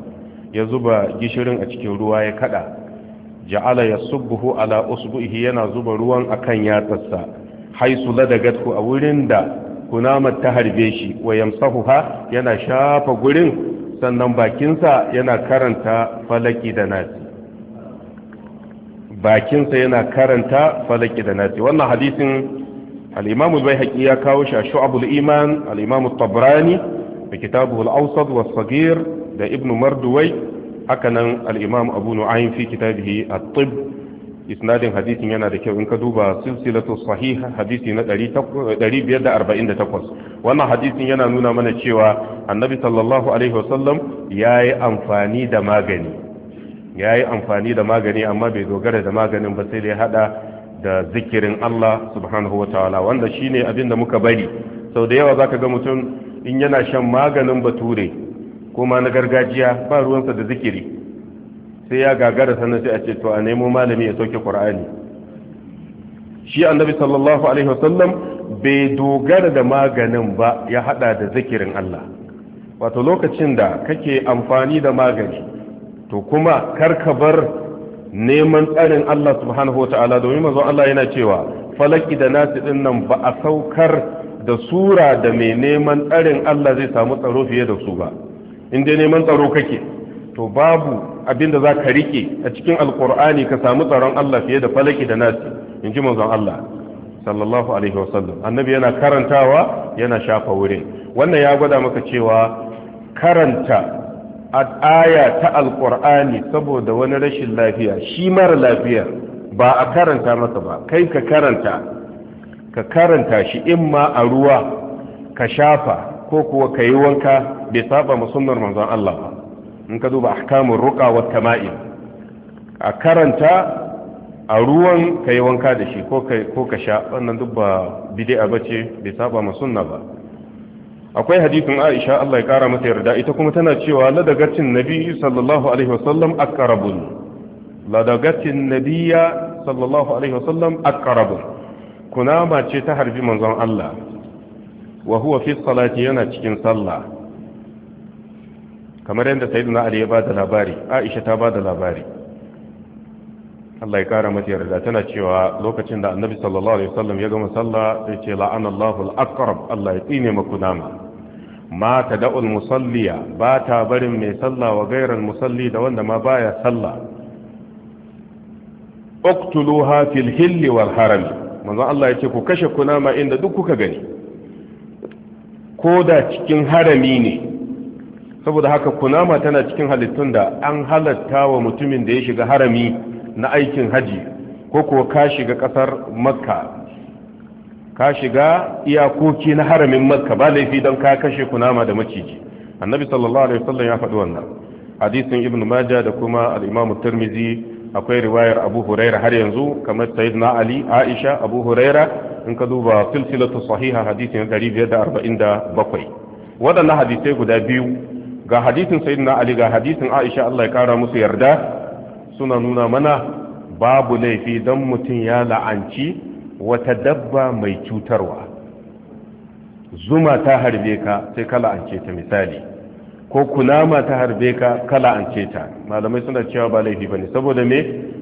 [SPEAKER 1] ya zuba gishirin a cikin ruwa ya kada ja'ala yasubbuhu ala usbuhi yana zuba ruwan akan yatsarsa haisu ladagatku a wurin da kunamar ta harbe shi wa yamsahuha yana shafa gurin sannan bakinsa yana karanta falaki da nasi bakinsa yana karanta falaki da nasi wannan hadisin al-imam al ya kawo shi a shu'abul iman al-imam at-tabrani da kitabuhu al-awsat was-saghir da ibnu marduwai hakanan al-imam abu fi kitabihi at-tibb isnadin hadisin yana da kyau in ka duba silsilatu sahiha hadisi na 548 wannan hadisin yana nuna mana cewa annabi sallallahu alaihi wasallam amfani da magani amma bai dogara da maganin ba sai da ya haɗa. da zikirin Allah subhanahu wa ta'ala wanda shine abin da muka bari sau da yawa zaka ga mutum in yana shan maganin bature kuma na gargajiya ba ruwansa da zikiri sai ya gagara sannan sai a ce to a nemo malami ya sauke qur'ani shi annabi sallallahu alaihi wasallam bai dogara da maganin ba ya hada da zikirin Allah wato lokacin da kake amfani da magani to kuma karka bar neman tsarin Allah subhanahu Ta'ala domin manzon Allah yana cewa falaki da nasi din nan ba a saukar da sura da mai neman tsarin Allah zai samu tsaro fiye da su ba in dai neman tsaro kake to babu abin da za ka rike a cikin alkur'ani ka samu tsaron Allah fiye da falaki da nasi in ji manzon Allah sallallahu alaihi wasallam annabi yana karantawa yana shafa wurin wannan ya gwada maka cewa karanta aya ta alƙur'ani saboda wani rashin lafiya shi mara lafiya ba a karanta masa ba kai ka karanta ka karanta shi imma a ruwa ka shafa ko kuwa ka yi wanka bai saba musulmar manzon Allah ba in ka duba ahkamun ruqa wa tama'in a karanta a ruwan ka yi wanka da shi ko ka sha wannan duk ba bid'a bace bai saba musulma ba akwai hadisin Aisha Allah ya kara masa yarda ita kuma tana cewa ladagacin nabi sallallahu alaihi wasallam aqrabun ladagacin nabiyya sallallahu alaihi wasallam kunama ce ta harbi manzon Allah wa huwa fi salati yana cikin sallah kamar yadda na Ali ya da labari Aisha ta bada labari Allah ya kara mata yarda tana cewa lokacin da annabi sallallahu alaihi wasallam ya gama sallah sai ce la'anallahu al-aqrab Allah ya tsine maku nama ma tada'ul musalliya ba ta barin mai sallah wa gairan musalli da wanda ma baya sallah uqtuluha fil hilli wal haram manzo Allah ku kashe kunama inda duk kuka gani ko da cikin harami ne saboda haka kunama tana cikin halittun da an halatta wa mutumin da ya shiga harami na aikin haji ko ko ka shiga ƙasar makka ka shiga iyakoki na haramin makka ba laifi don ka kashe kunama da maciji annabi sallallahu alaihi wasallam ya faɗi wannan hadisin ibnu maja da kuma al-imam tirmizi akwai riwayar abu huraira har yanzu kamar sayyidina ali aisha abu huraira in ka duba silsilatu sahiha hadisin 547 waɗannan hadisai guda biyu ga hadisin sayyidina ali ga hadisin aisha Allah ya kara musu yarda suna nuna mana babu laifi don mutum ya la'anci wata dabba mai cutarwa zuma ta harbe ka sai ka la'ance ta misali ko kunama ta harbe ka ka la'ance ta malamai suna cewa ba laifi bane saboda me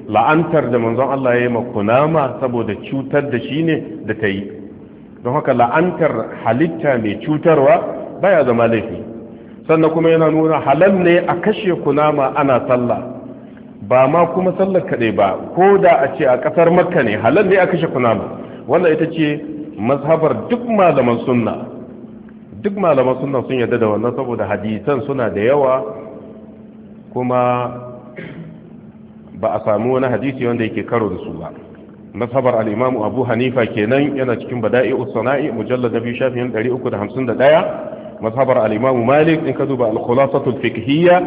[SPEAKER 1] la'antar da manzon Allah ya yi ma kunama saboda cutar da shi ne da ta yi don haka la'antar halitta mai cutarwa baya zama laifi sannan kuma yana nuna halal ne a kashe kunama ana sallah ba ma kuma sallar kaɗai ba ko da a ce a ƙasar makka ne halal ne a kashe kunama wannan ita ce mazhabar duk malaman sunna duk malaman sunna sun yarda da wannan saboda hadisan suna da yawa kuma ba a samu wani hadisi wanda yake karo da su ba mazhabar al abu hanifa kenan yana cikin bada'i usana'i mujallar na biyu shafin 351 mazhabar al malik in ka duba al-khulasatul fiqhiyya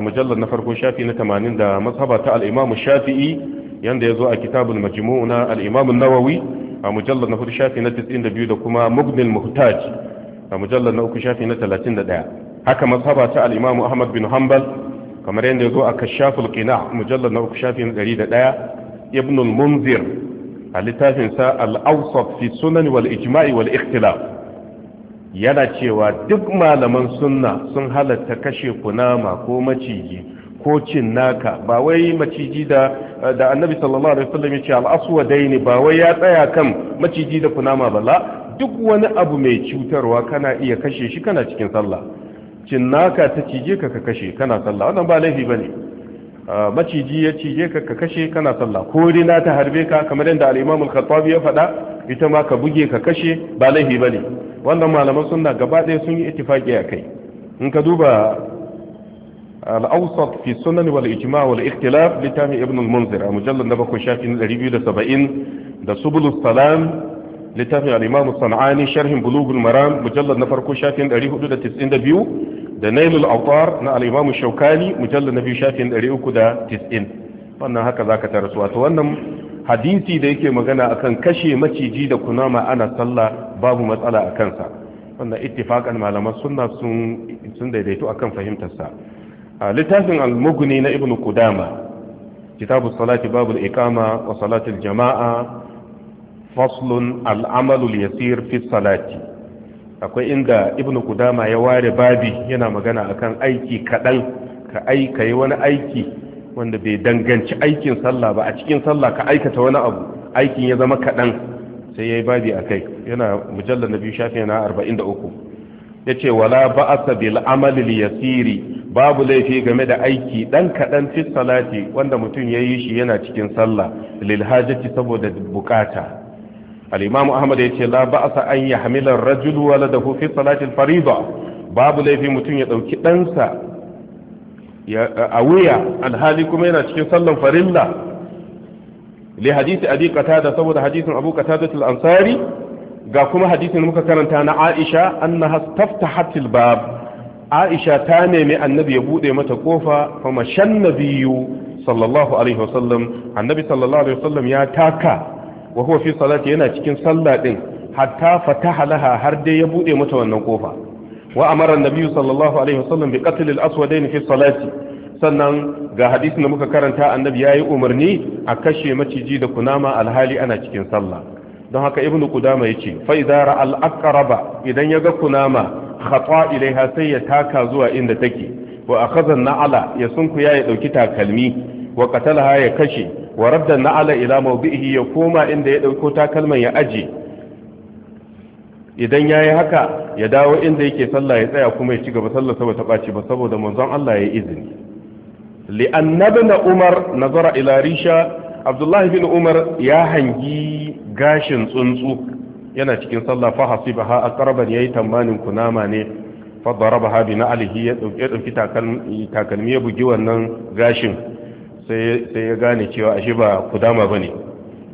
[SPEAKER 1] mujallar na farko shafi na 80 da mazhaba ta al-Imam Shafi'i yanda yazo a kitabul majmu' na al-Imam an-Nawawi a mujallar na hudu shafi na 92 da kuma Mughnil Muhtaj a mujallar na uku shafi na 31 haka mazhaba ta al-Imam Ahmad bin Hanbal kamar yanda yazo a Kashaful Qina' mujallar na uku shafi na 101 Ibn al-Munzir a littafinsa al-Awsat fi Sunan wal Ijma' wal Ikhtilaf yana cewa duk malaman sunna sun halatta kashe kunama ko maciji ko cin naka ba wai maciji da da annabi sallallahu alaihi wasallam yace al-aswadaini ba wai ya tsaya kan maciji da kunama ba la duk wani abu mai cutarwa kana iya kashe shi kana cikin sallah cin naka ta cije ka ka kashe kana sallah wannan ba laifi bane Ah, maciji ya cije ka ka kashe kana sallah ko rina ta harbe ka kamar yadda al-Imam al-Khattabi ya faɗa ita ma ka buge ka kashe ba laifi bane wannan malaman sunna gaba ɗaya sun yi ittifaqi akai in ka duba al-awsat fi sunan wal ijma' wal ikhtilaf li tami ibn al-munzir a mujallad na bakwai shafi na 270 da subulus salam littafin al-imam sanani sharhin bulughul maram mujallad na farko shafin 492 da nailul autar na al'imamu shaukani mujallar na biyu shafin 390 wannan haka za ka tarasu wato wannan hadisi da yake magana akan kashe maciji da kunama ana sallah babu matsala a kansa wannan ittifakan malaman sunna sun daidaito akan fahimtarsa a littafin al-mughni na ibnu qudama kitabu salati babu al-iqama wa salatul jama'a faslun al-amalu al-yasir fi salati akwai inda ibn kudama ya ware babi yana magana akan aiki kaɗan ka aika yi wani aiki wanda bai danganci aikin sallah ba a cikin sallah ka aikata wani abu aikin ya zama kaɗan sai ya yi babi a kai yana mujallar na biyu shafi na arba'in da ya ce wala ba'asa bil amalil yasiri babu laifi game da aiki dan kaɗan fi salati wanda mutum ya yi shi yana cikin sallah lil hajati saboda bukata al-imam ahmad ce la ba'sa an ya ar-rajul waladahu fi salati al-fariida babu laifi mutum ya dauki ɗansa a wuya alhali kuma yana cikin sallan farilla li hadisi abi qatada saboda hadisin abu qatada al-ansari ga kuma hadisin muka karanta na Aisha annaha staftahatil bab Aisha ta nemi annabi ya bude mata kofa fa mashan nabiyyu sallallahu alaihi wasallam annabi sallallahu alaihi wasallam ya taka wa huwa fi salati yana cikin sallah din hatta fatahalaha har dai ya bude mata wannan kofa wa amara annabi sallallahu alaihi wasallam bi qatl al-aswadain fi salati sannan ga hadisin da muka karanta annabi yayi umarni a kashe maciji da kunama alhali ana cikin sallah don haka ibnu qudama yace fa idza al'akaraba al-aqraba idan yaga kunama khata ilaiha sai ya taka zuwa inda take wa akhadha na naala ya sunku ya ya dauki takalmi wa qatalaha ya kashe wa radda na'ala ila mawdihi ya koma inda ya dauko takalman ya aje idan yayi haka ya dawo inda yake sallah ya tsaya kuma ya ci gaba sallar saboda ta baci ba saboda manzon Allah ya izini li annabna umar nazara ila risha abdullahi bin umar ya hangi gashin tsuntsu yana cikin sallah fa hasibaha aqraban yayi tamanin kunama ne fa darabaha bi na'alihi ya dauki takalmi ya bugi wannan gashin sai ya gane cewa ashe ba kudama bane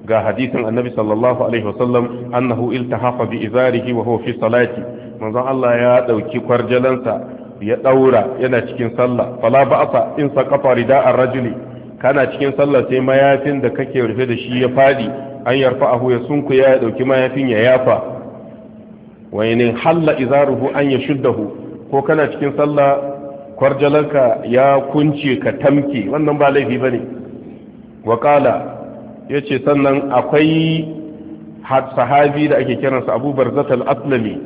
[SPEAKER 1] ga hadisin annabi sallallahu alaihi wasallam annahu iltahafa bi izarihi wa huwa fi salati manzon Allah ya dauki kwarjalansa ya daura yana cikin sallah fala ba'sa in saqafa rida'ar rajuli kana cikin sallah sai mayafin da kake rufe da shi ya fadi an yarfa'ahu ya sunkuya ya dauki mayafin ya yafa wa in halla izaruhu an yashuddahu ko kana cikin sallah kwarjalanka ya kunce ka tamke wannan ba laifi ba ne waƙala ya ce sannan akwai sahabi da ake kiransa abubar zatal aslami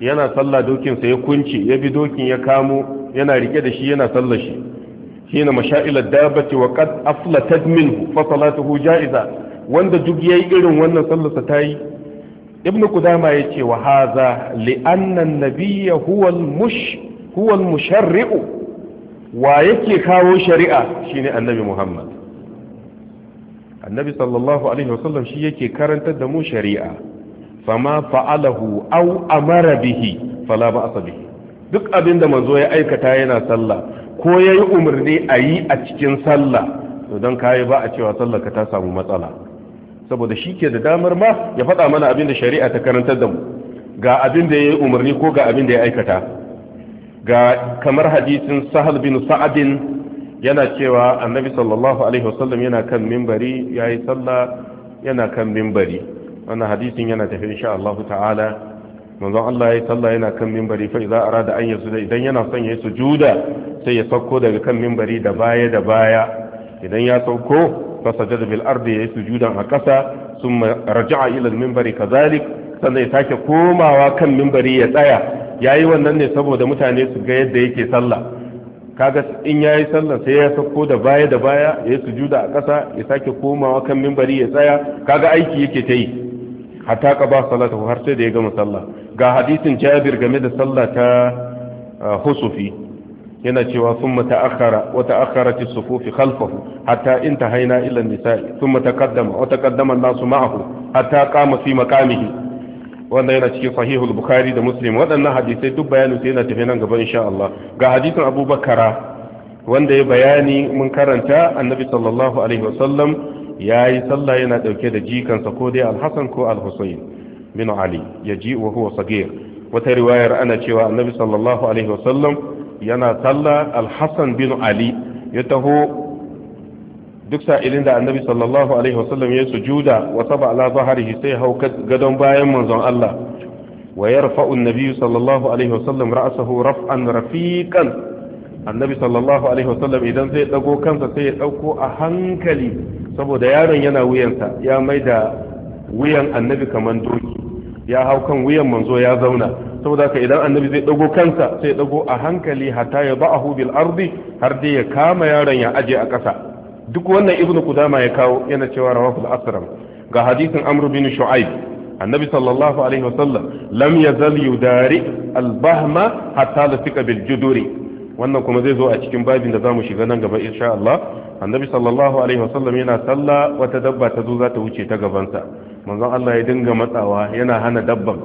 [SPEAKER 1] yana sallah dokinsa ya kunce ya bi dokin ya kamo yana rike da shi yana sallah shi shi na masha'ilar dabati wa qad aflatat minhu fa salatuhu ja'iza wanda duk yayi irin wannan sallarsa ta yi ibnu kudama yace wa haza li anna an-nabiyya huwa al-mush هو المشرع wa yake kawo shari'a shine annabi Muhammad annabi sallallahu alaihi وسلم shi yake karantar da mu shari'a fama fa'alahu أمر amara bihi بأس به duk abinda manzo ya aikata yana sallah ko yayi umarni ayi a cikin sallah to dan kai ba a cewa sallar ka ta samu matsala saboda shi ke da damar ma ya faɗa mana abinda shari'a ta karantar da mu ga abinda yayi umarni ko ga abinda ya aikata ga kamar hadisin sahal bin sa'adin yana cewa annabi sallallahu alaihi wasallam yana kan mimbari yayi sallah yana kan mimbari wannan hadisin yana tafi insha Allah ta'ala manzon Allah yayi sallah yana kan mimbari fa idza arada an yasuda idan yana son yayi sujuda sai ya sauko daga kan mimbari da baya da baya idan ya sauko fa sajada bil ardi yayi sujudan a kasa summa raja'a ila al minbari kadhalik sannan ya sake komawa kan mimbari ya tsaya ya yi wannan ne saboda mutane su ga yadda yake sallah kaga in ya yi sallah sai ya sako da baya da baya ya yi sujuda a ƙasa ya sake komawa kan mimbari ya tsaya kaga aiki yake ta yi hatta ka ba salata har sai da ya gama sallah ga hadisin Jabir game da sallah ta ah, husufi yana cewa thumma ta'akhkhara wa ta'akhkharat as-sufuf khalfahu hatta intahayna ila an nisa thumma taqaddama wa taqaddama an-nasu ma'ahu hatta qama fi maqamihi wanda yana cikin sahihul bukhari da muslim waɗannan hadisai duk bayanin sai yana tafi nan gaba insha Allah ga hadisin abubakara wanda ya bayani mun karanta annabi sallallahu alaihi wasallam ya yi sallah yana ɗauke da jikansa ko dai alhassan ko alhussein bin ali ya ji wa huwa sagir wata riwayar ana cewa annabi sallallahu alaihi wasallam yana sallah alhassan bin ali ya taho duk sa'ilin da annabi sallallahu alaihi wasallam ya sujuda wa saba ala zaharihi sai hau gadon bayan manzon Allah wa yarfa'u annabi sallallahu alaihi wasallam ra'sahu raf'an rafiqan annabi sallallahu alaihi wasallam idan zai dago kansa sai ya dauko a hankali saboda yaron yana wuyansa ya maida wuyan annabi kaman doki ya hau kan wuyan manzo ya zauna saboda haka idan annabi zai dago kansa sai ya dago a hankali hatta ya ba'ahu bil ardi har dai ya kama yaron ya aje a ƙasa duk wannan ibnu kudama ya kawo yana cewa rawahul asram ga hadisin amr bin shu'aib annabi sallallahu alaihi wasallam lam yazal yudari albahma hatta lafika bil juduri wannan kuma zai zo a cikin babin da zamu shiga nan gaba insha Allah annabi sallallahu alaihi wasallam yana salla wata dabba ta zo za ta wuce ta gabansa manzon Allah ya dinga matsawa yana hana dabban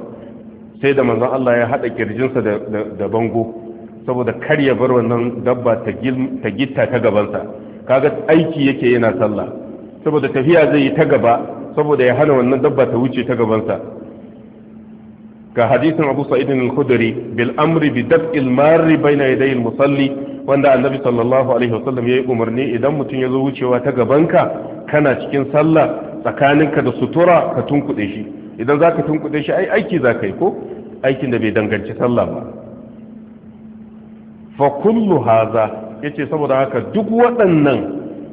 [SPEAKER 1] sai da manzon Allah ya hada kirjinsa da da bango saboda kar ya bar wannan dabba ta gitta ta gabansa kaga aiki yake yana sallah saboda tafiya zai yi ta gaba saboda ya hana wannan dabba ta wuce ta gabansa ga hadisin abu sa'idin al-khudri bil amri bi daf'il marri baina yaday al-musalli wanda annabi sallallahu alaihi wasallam yayi umarni idan mutum ya zo wucewa ta gabanka kana cikin sallah tsakaninka da sutura ka tunkuɗe shi idan zaka tunkuɗe shi ai aiki zaka yi ko aikin da bai danganci sallah ba fa kullu hadha ce saboda haka duk waɗannan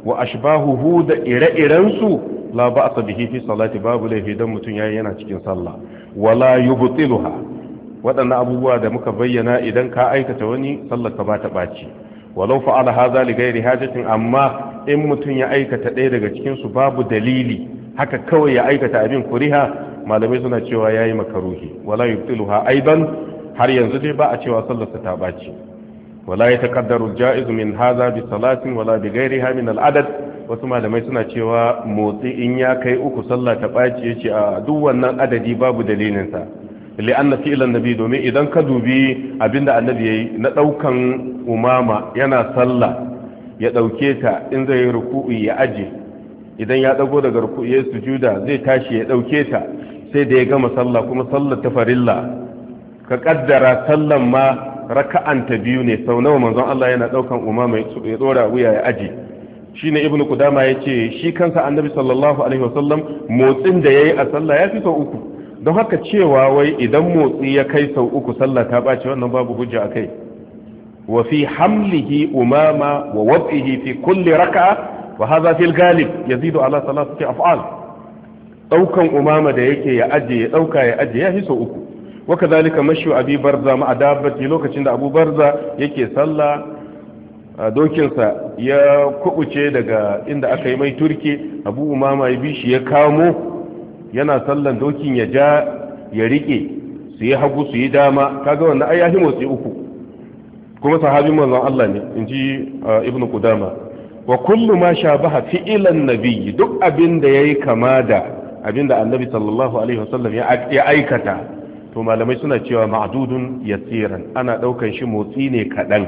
[SPEAKER 1] wa ashbahuhu da ire-irensu la ba'sa bihi fi salati babu laifi dan mutum ya yana cikin sallah wala yubtiluha waɗannan abubuwa da muka bayyana idan ka aikata wani sallar ka ba ta ɓaci walau fa'ala hadha li ghairi hajatin amma in mutum ya aikata ɗaya daga cikin su babu dalili haka kawai ya aikata abin kuriha malamai suna cewa yayi makaruhi wala yubtiluha aidan har yanzu dai ba a cewa sallar ta ɓaci wala ya taqaddaru jaiz min hadha bi salatin wala bi ghairiha min wasu malamai suna cewa motsi in ya kai uku sallah ta baci ce a duk wannan adadi babu dalilinsa sa li'anna fi'lan nabi domin idan ka dubi abinda annabi yayi na daukan umama yana sallah ya dauke ta in zai ruku'i ya aje idan ya dago daga ruku'i ya sujuda zai tashi ya dauke ta sai da ya gama sallah kuma sallah ta farilla ka kaddara sallan ma raka'anta biyu ne sau nawa manzon Allah yana daukan umama ya dora wuya ya aji shine ibnu kudama ya ce shi kansa annabi sallallahu alaihi wasallam motsin da yayi a sallah ya fi sau uku don haka cewa wai idan motsi ya kai sau uku sallah ta bace wannan babu hujja kai wa fi hamlihi umama wa wad'ihi fi kulli raka'a wa hadha yazidu ala salatati af'al daukan umama da yake ya aje ya dauka ya aje ya fi sau uku wa kadhalika mashu abi barza ma adabati lokacin da abu barza yake sallah dokinsa ya kubuce daga inda aka yi mai turke abu umama ya bishi ya kamo yana sallan dokin ya ja ya rike su yi hagu su yi dama kaga wannan ai yahi motsi uku kuma sahabin manzon Allah ne inji ibnu qudama wa kullu ma shabaha fi'lan nabiyyi duk abin da yayi kama da abin da annabi sallallahu alaihi wasallam ya aikata to malamai suna cewa ma'dudun yasiran ana daukan shi motsi ne kadan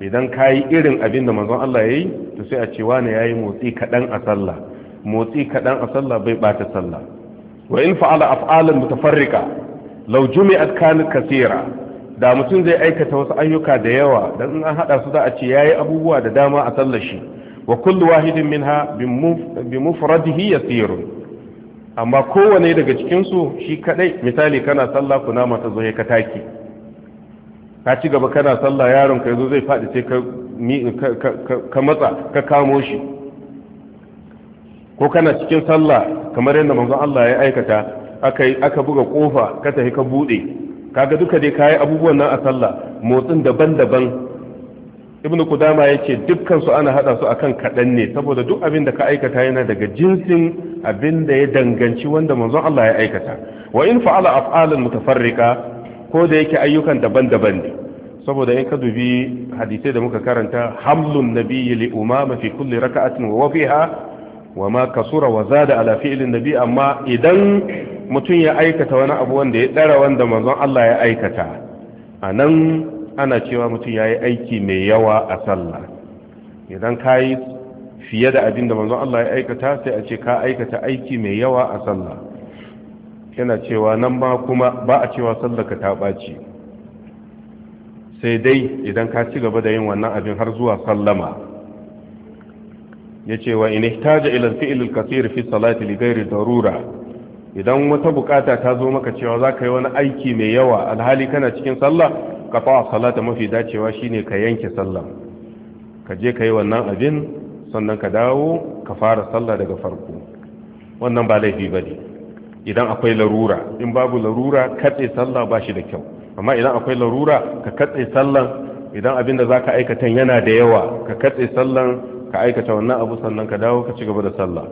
[SPEAKER 1] idan kayi irin abin da manzon Allah yi to sai a ce ya yayi motsi kadan a sallah motsi kadan a sallah bai bata sallah wa in fa'ala af'alan mutafarrika law jumi'at kanat kaseera da mutum zai aikata wasu ayyuka da yawa dan in an hada su za a ce ya yi abubuwa da dama a sallar shi wa kullu wahidin minha bi mufradihi yasirun amma kowane daga cikinsu shi kadai misali kana sallah kunama ta zo ka taki ka ci gaba kana sallah yaron ka zai faɗi sai ka matsa ka kamo shi ko kana cikin sallah kamar yadda manzon Allah ya aikata aka buga kofa ka tafi ka bude kaga duka dai kayi abubuwan nan a sallah motsin daban-daban ibnu kudama yace dukkan su ana hada su akan kadan ne saboda duk abin da ka aikata yana daga jinsin abinda ya danganci wanda manzon Allah ya aikata wa in fa'ala af'alan mutafarrika ko da yake ayyukan daban-daban ne saboda in ka dubi hadisai da muka karanta hamlun nabiyyi li umama fi kulli raka'atin wa fiha wa ma kasura wa zada ala fi'lin nabi amma idan mutum ya aikata wani abu wanda ya dara wanda manzon Allah ya aikata anan ana cewa mutum yayi aiki mai yawa a sallah idan kai fiye da abin da manzon Allah ya aikata sai a ce ka aikata aiki mai yawa a sallah yana cewa nan ma kuma ba a cewa sallaka ta ɓaci sai dai idan ka ci gaba da yin wannan abin har zuwa sallama ya ce wa in ihtaja ila fi'l al-kathir fi salati li ghairi darura idan wata bukata ta zo maka cewa za ka yi wani aiki mai yawa alhali kana cikin sallah ka fa'a salata mafi dacewa shine ka yanke sallah ka je ka yi wannan abin sannan ka dawo ka fara sallah daga farko wannan ba laifi ba ne idan akwai larura in babu larura katse sallah ba shi da kyau amma idan akwai larura ka katse sallan idan abin da za ka aikata yana da yawa ka katse sallan ka aikata wannan abu sannan ka dawo ka ci gaba da sallah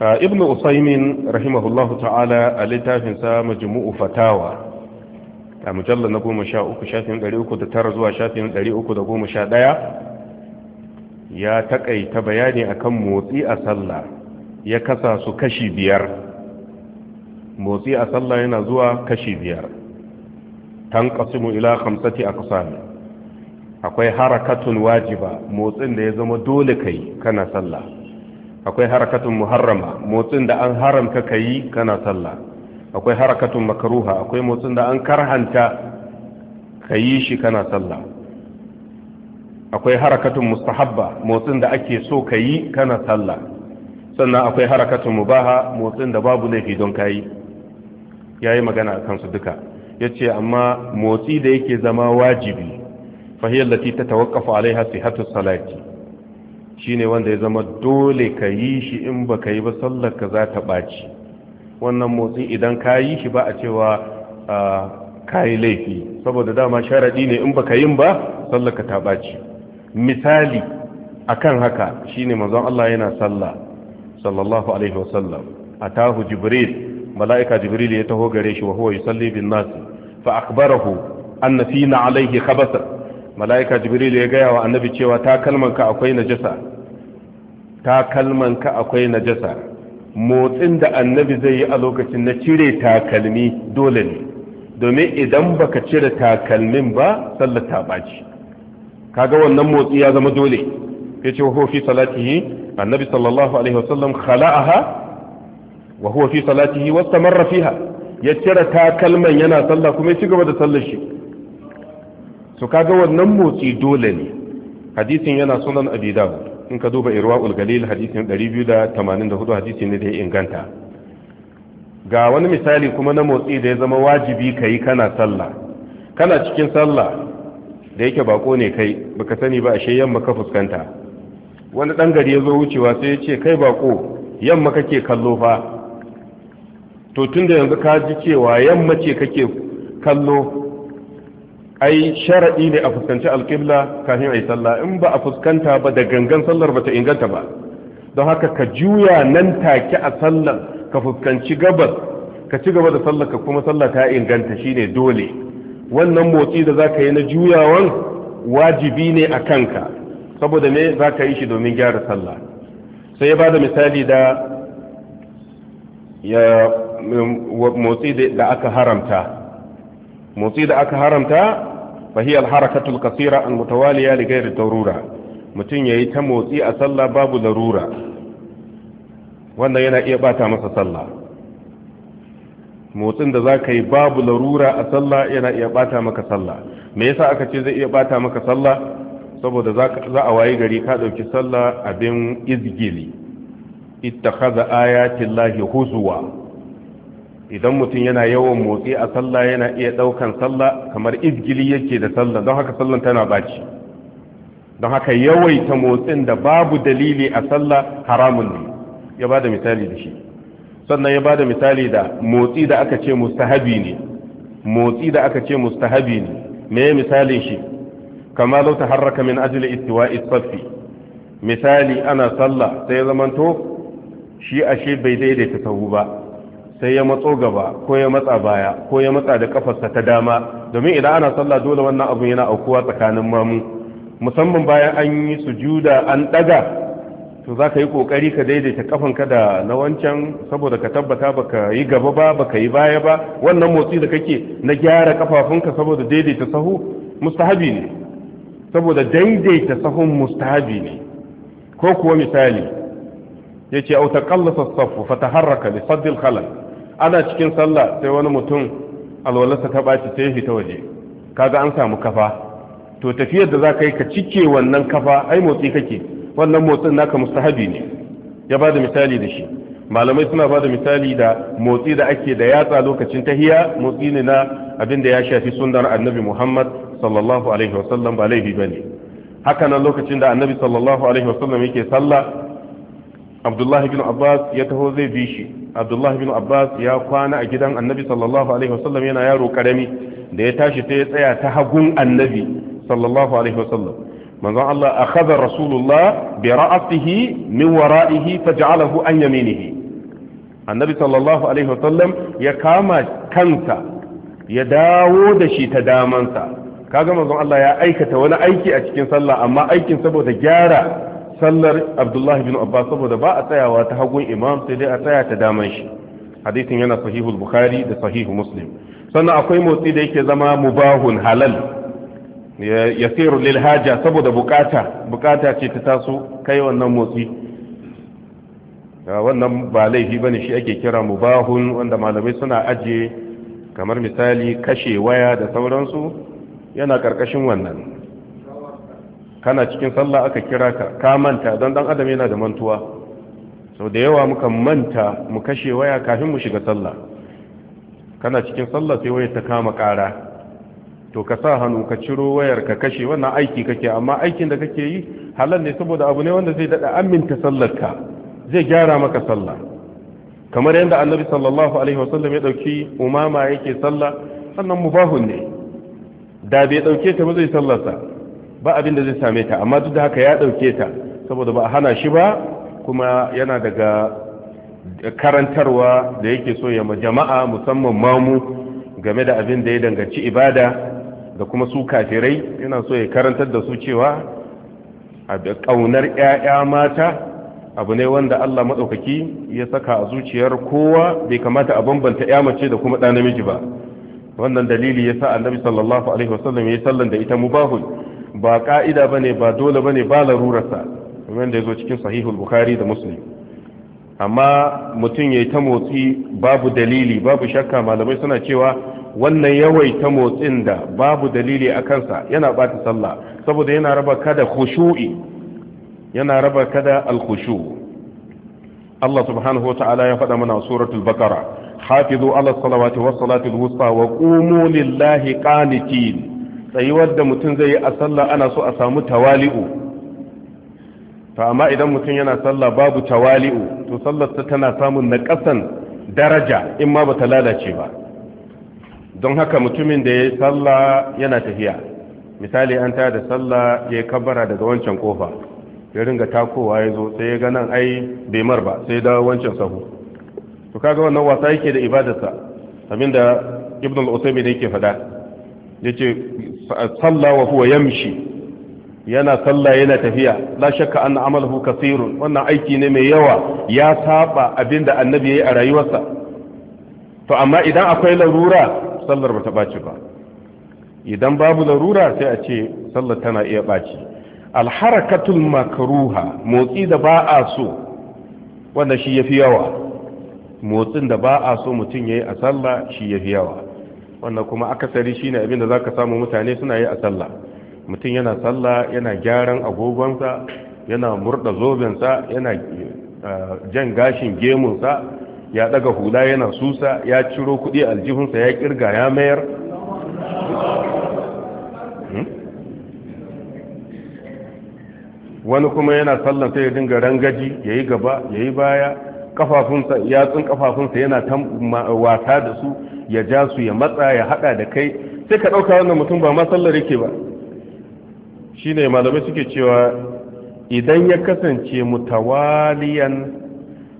[SPEAKER 1] ah, ibn usaimin rahimahullahu ta'ala a littafinsa majmu'u fatawa a mujallar na goma sha uku shafin ɗari uku da tara zuwa shafin ɗari uku da goma sha ɗaya ya takaita bayani akan motsi a sallah ya kasa su kashi biyar motsi a sallah yana zuwa kashi biyar tan qasimu ila khamsati aqsam akwai harakatun wajiba motsin da ya zama dole kai kana sallah akwai harakatun muharrama motsin da an haramta kai kana sallah akwai harakatun makruha akwai motsin da an karhanta kayi shi kana sallah akwai harakatun mustahabba motsin da ake so ka yi kana sallah sannan akwai harakatun mubaha motsin da babu laifi don ka yi ya yi magana a kansu duka ya ce amma motsi da yake zama wajibi fahiyar lati ta tawakafa hasi sihatu salati shi ne wanda ya zama dole ka yi shi in ba ka yi ba sallar ka za ta ɓaci wannan motsi idan ka yi shi ba a cewa ah, ka yi laifi saboda dama sharaɗi ne in ba ka yin ba sallar ka ta ɓaci misali akan haka shine manzon Allah yana sallah sallallahu alaihi wasallam atahu jibril mala'ika jibril ya taho gare shi wa huwa yusalli bin nas fa akhbarahu anna fina alaihi khabasa mala'ika jibril ya gaya wa annabi cewa takalmanka akwai najasa takalmanka akwai najasa motsin da annabi zai yi a lokacin na cire takalmi dole ne domin idan baka cire takalmin ba sallar ta baci kaga wannan motsi ya zama dole Ya ce huwa fi salatihi annabi sallallahu alaihi wasallam khala'aha wa huwa fi salatihi wastamarra fiha ya cire takalman yana sallah kuma ya ci gaba da sallar shi so kaga wannan motsi dole ne hadisin yana sunan abi dawud in ka duba irwaul galil hadisin 284 hadisi ne da ya inganta ga wani misali kuma na motsi da ya zama wajibi ka yi kana sallah kana cikin sallah da yake bako ne kai baka sani ba ashe yamma ka fuskanta wani dan gari ya zo wucewa sai ya ce kai bako yamma kake kallo fa to da yanzu ka ji cewa yamma ce kake kallo ai sharadi ne a fuskanci alƙibla kafin ayi salla sallah in ba a fuskanta ba da gangan sallar ba ta inganta ba don haka ka juya nan take a sallar ka fuskanci gabas ka ci gaba da sallar ka kuma sallar ta inganta shine dole wannan motsi da za ka yi na juyawan wajibi ne a kanka saboda me za ka yi shi domin gyara sallah sai ya ba da misali da mm, motsi da aka haramta motsi da aka haramta fahiyar harakatul kasira an mutawaliya da gairi darura mutum ya yi ta motsi a sallah babu larura wannan yana iya bata masa sallah motsin da za ka yi babu larura a sallah yana iya bata maka sallah me yasa aka ce zai iya bata maka sallah saboda za a wayi gari ka ɗauki sallah abin izgili ittakhadha ayatin lahi huzuwa idan mutum yana yawan motsi a sallah yana iya ɗaukan sallah kamar izgili yake da sallah don haka sallan tana baci don haka yawaita motsin da babu dalili a sallah haramun ne ya ba da misali da shi sannan ya bada misali da motsi da aka ce mustahabi ne motsi da aka ce mustahabi ne me misalin shi kama lau ta harraka min ajli istiwa'i saffi misali ana sallah sai ya zamanto shi ashe bai daidaita sahu ba sai ya matso gaba ko ya matsa baya ko ya matsa da kafarsa ta dama domin idan ana sallah dole wannan abun yana aukuwa tsakanin mamu musamman bayan an yi sujuda an daga to za ka yi ƙoƙari ka daidaita kafanka da na wancan saboda ka tabbata ba ka yi gaba ba ba ka yi baya ba wannan motsi da kake na gyara kafafunka saboda daidaita sahu mustahabi ne saboda daidaita sahun mustahabi ne ko kuwa misali ya ce auta kallasa safu fata haraka da saddil khalal ana cikin sallah sai wani mutum alwalarsa ta ɓaci sai fita waje kaga an samu kafa to tafiyar da za ka yi ka cike wannan kafa ai motsi kake wannan motsin naka mustahabi ne ya ba da misali da shi malamai suna ba da misali da motsi da ake da yatsa lokacin tahiya motsi ne na abin da ya shafi sunnar annabi muhammad sallallahu alaihi wasallam ba laifi ba ne haka nan lokacin da annabi sallallahu alaihi wasallam yake sallah abdullahi bin abbas ya taho zai bi shi abdullahi bin abbas ya kwana a gidan annabi sallallahu alaihi wasallam yana yaro karami da ya tashi sai ya tsaya ta hagun annabi sallallahu alaihi wasallam manzon Allah akhadha rasulullah bi ra'asihi min wara'ihi faj'alahu an yaminihi annabi sallallahu alaihi ya kama kansa ya dawo da shi ta damansa kaga manzon Allah ya aikata wani aiki a cikin sallah amma aikin saboda gyara sallar Abdullahi bin Abbas saboda ba a tsayawa ta hagun imam sai dai a tsaya ta daman shi hadisin yana sahihul bukhari da sahihu muslim sannan akwai motsi da yake zama mubahun halal yasiru lil haja saboda bukata bukata ce ta taso kai wannan motsi wannan ba laifi bane shi ake kira mubahun wanda malamai suna ajiye kamar misali kashe waya da sauransu yana karkashin wannan kana cikin sallah aka kira ka ka manta don dan adam yana da mantuwa sau da yawa muka manta mu kashe waya kafin mu shiga sallah kana cikin sallah sai waya ta kama kara to ka sa hannu ka ciro wayar ka kashe wannan aiki kake amma aikin da kake yi halal ne saboda abu ne wanda zai dada aminta sallarka zai gyara maka sallah kamar yadda annabi sallallahu alaihi wasallam ya dauki umama yake sallah sannan mubahun ne da bai dauke ta ba zai sallarsa ba abin da zai same ta amma duk da haka ya dauke ta saboda ba a hana shi ba kuma yana daga karantarwa da yake so ya ma jama'a musamman mamu game da abin da ya danganci ibada da kuma su kafirai yana so ya karantar da su cewa a ƙaunar ƴaƴa mata abu ne wanda Allah matsaukaki ya saka a zuciyar kowa bai kamata a bambanta ƴa mace da kuma ɗa namiji ba wannan dalili ya sa annabi sallallahu alaihi wasallam ya sallan da ita mubahul ba ka'ida bane ba dole bane ba larurarsa wanda ya zo cikin sahihul bukhari da muslim amma mutum yayi ta motsi babu dalili babu shakka malamai suna cewa wannan yawaita motsin da babu dalili a kansa yana bata sallah saboda yana raba kada khushu'i yana raba kada al-khushu Allah subhanahu wa ta'ala ya faɗa mana suratul baqara hafizu ala salawati was salati al-wusta wa qumu lillahi qanitin tsayuwar da mutum zai yi a sallah ana so a samu tawali'u to amma idan mutum yana sallah babu tawali'u to sallarsa tana samun naƙasan daraja in ma bata lalace ba don haka mutumin da ya yi sallah yana tafiya misali an ta da sallah ya yi kabbara daga wancan kofa ya ringa takowa ya zo sai ya ganan nan ai bai mar ba sai da wancan sahu to kaga wannan wasa yake da ibadarsa da ibn al-usaymi ne yake fada yace salla wa huwa yamshi yana sallah, yana tafiya la shakka anna amaluhu kaseerun wannan aiki ne mai yawa ya saba abinda annabi yayi a rayuwarsa to amma idan akwai larura sallar ba ta ɓaci ba idan babu larura sai a ce sallar tana iya ɓaci alharakatul makaruha motsi da ba a so wanda shi ya fi yawa motsin da ba a so mutum ya yi a salla shi ya fi yawa wannan kuma akasari shi ne da za ka samu mutane suna yi a salla. mutum yana sallah yana gyaran agogonsa yana murda zobensa yana eh, jan gashin gemunsa ya daga hula yana susa ya ciro kudi aljihunsa ya kirga ya mayar hmm? wani kuma yana sallan sai ya dinga rangaji ya yi gaba ya yi baya kafafunsa yatsun kafafunsa yana wata da su ya ja su ya matsa ya hada da kai sai ka dauka wannan mutum ba ma sallar yake ba shine malamai suke cewa idan ya kasance mutawaliyan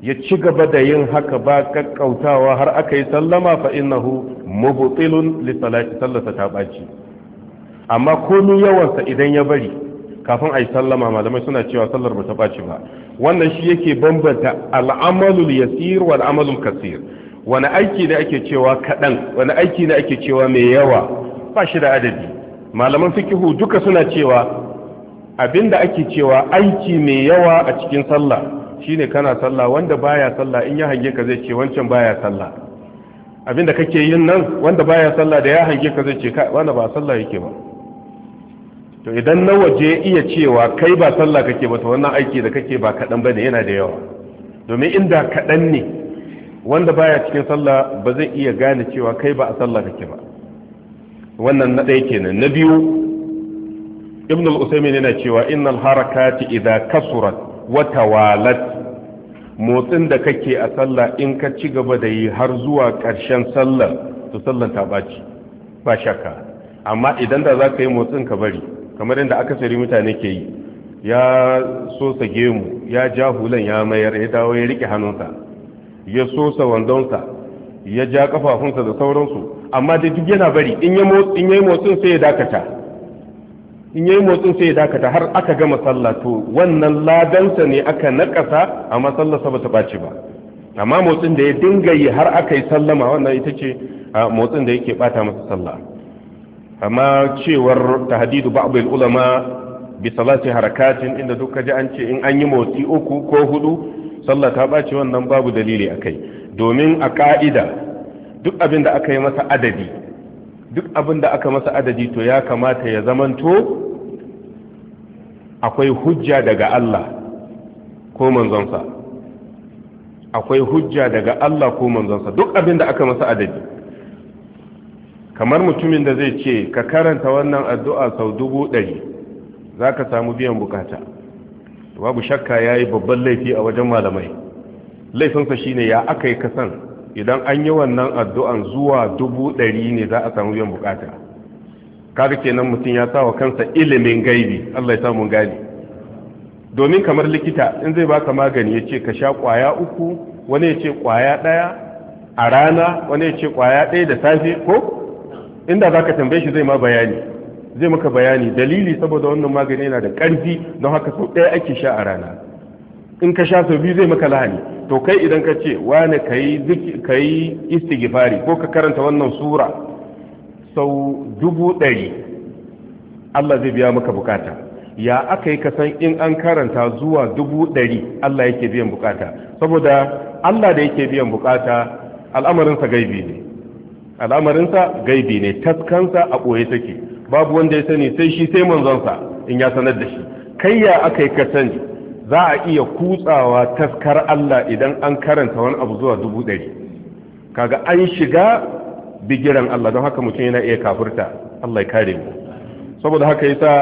[SPEAKER 1] ya ci gaba da yin haka ba kakkautawa har aka yi sallama fa innahu mubtilun li salati sallata ta baci amma komai yawansa idan ya bari kafin a yi sallama malamai suna cewa sallar ba ta baci ba wannan shi yake bambanta al'amalul yasir wal amalul kasir wani aiki ne ake cewa kaɗan wani aiki ne ake cewa mai yawa ba shi da adadi malaman fikihu duka suna cewa abinda ake cewa aiki mai yawa a cikin sallah shine kana sallah wanda baya sallah in ya hange ka zai ce wancan baya sallah abinda kake yin nan wanda baya sallah da ya hange ka zai ce wanda ba sallah yake ba to idan na waje iya cewa kai ba sallah kake ba to wannan aiki da kake ba kaɗan bane yana da yawa domin inda kaɗan ne wanda baya cikin sallah ba zai iya gane cewa kai ba a sallah kake ba wannan na ɗaya kenan na biyu ibn al-usaymin yana cewa innal harakati idza kasurat wata walat motsin da kake a sallah in ka ci gaba da yi har zuwa ƙarshen sallar to sallar ta baci ba shakka amma idan da za ka yi motsin ka bari kamar yadda akasari mutane ke yi ya sosa gemu ya ja hulan ya mayar ya dawo ya rike hannunsa ya sosa wandonsa ya ja kafafunsa da sauransu amma da duk yana bari in ya yi motsin sai ya dakata in yayi motsin sai ya dakata har aka gama sallah to wannan ladansa ne aka nakasa amma sallarsa sa bata ɓaci ba amma motsin da ya dinga yi har aka yi sallama wannan ita ce motsin da yake bata masa sallah amma cewar tahdidu ba'd ulama bi salati harakatin inda duka ji an ce in an yi motsi uku ko hudu sallah ta ɓaci wannan babu dalili akai domin a ka'ida duk abin da aka yi masa adadi duk abin da aka masa adadi to ya kamata ya zamanto akwai hujja daga Allah ko manzonsa akwai hujja daga Allah ko manzonsa duk abin da aka masa adadi kamar mutumin da zai ce ka karanta wannan addu'a sau dubu ɗari za ka samu biyan bukata babu shakka ya yi babban laifi a wajen malamai laifinsa shine ya aka yi kasan idan an yi wannan addu'an zuwa dubu ɗari ne za a samu biyan bukata kaga kenan mutum ya sa wa kansa ilimin gaibi Allah ya samu gani domin kamar likita in zai baka magani ya ce ka sha kwaya uku wani ya ce kwaya ɗaya a rana wani ya ce kwaya ɗaya da safe ko inda za ka tambaye shi zai ma bayani zai maka bayani dalili saboda wannan magani yana da ƙarfi don haka sau ɗaya ake sha a rana in ka sha sau biyu zai maka lahani to kai idan ka ce wani ka yi istigifari ko ka karanta wannan sura sau dubu ɗari Allah zai biya maka bukata ya aka yi kasan in an karanta zuwa dubu ɗari Allah yake biyan bukata saboda Allah da yake biyan bukata al'amarinsa gaibi ne al'amarinsa gaibi ne taskansa a ɓoye take babu wanda ya sani sai shi sai manzonsa in ya sanar da shi kai ya aka yi ka za a iya kutsawa taskar Allah idan an karanta wani abu zuwa dubu ɗari kaga an shiga bigiran Allah don haka mutum yana iya kafurta Allah ya kare mu saboda haka yasa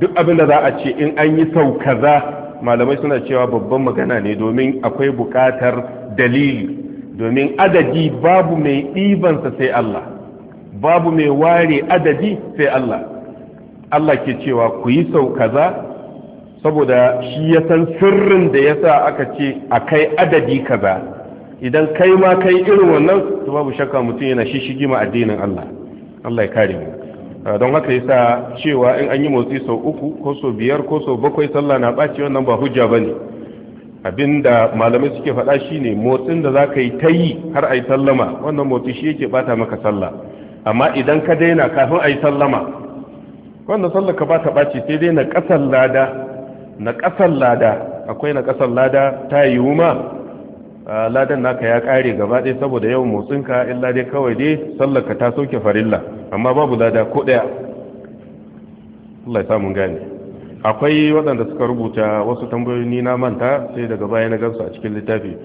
[SPEAKER 1] duk abin da za a ce in an yi sau kaza malamai suna cewa babban magana ne domin akwai bukatar dalili domin adadi babu mai ɗibansa sai Allah babu mai ware adadi sai Allah Allah ke cewa ku yi sau kaza saboda shi ya san sirrin da ya sa aka ce a kai adadi kaza idan kai ma kai irin wannan to babu shakka mutum yana shishigi ma addinin Allah Allah ya kare mu ah, don haka yasa cewa in an yi motsi sau uku ko sau biyar ko sau bakwai sallah na baci wannan ba hujja bane abinda malamai suke faɗa shine motsin da zaka yi ta har ai sallama wannan motsi shi yake bata maka sallah amma idan ka daina kafin ai sallama wannan sallah ka bata baci sai dai na ƙasar lada na ƙasar lada akwai na ƙasar lada ta yiwu ma ladan naka ya ƙare gaba ɗaya saboda yawan motsinka illa dai kawai dai sallaka ta sauke farilla amma babu lada ko ɗaya Allah samun gane akwai waɗanda suka rubuta wasu tambayoyi na manta sai daga baya na gansu a cikin littafi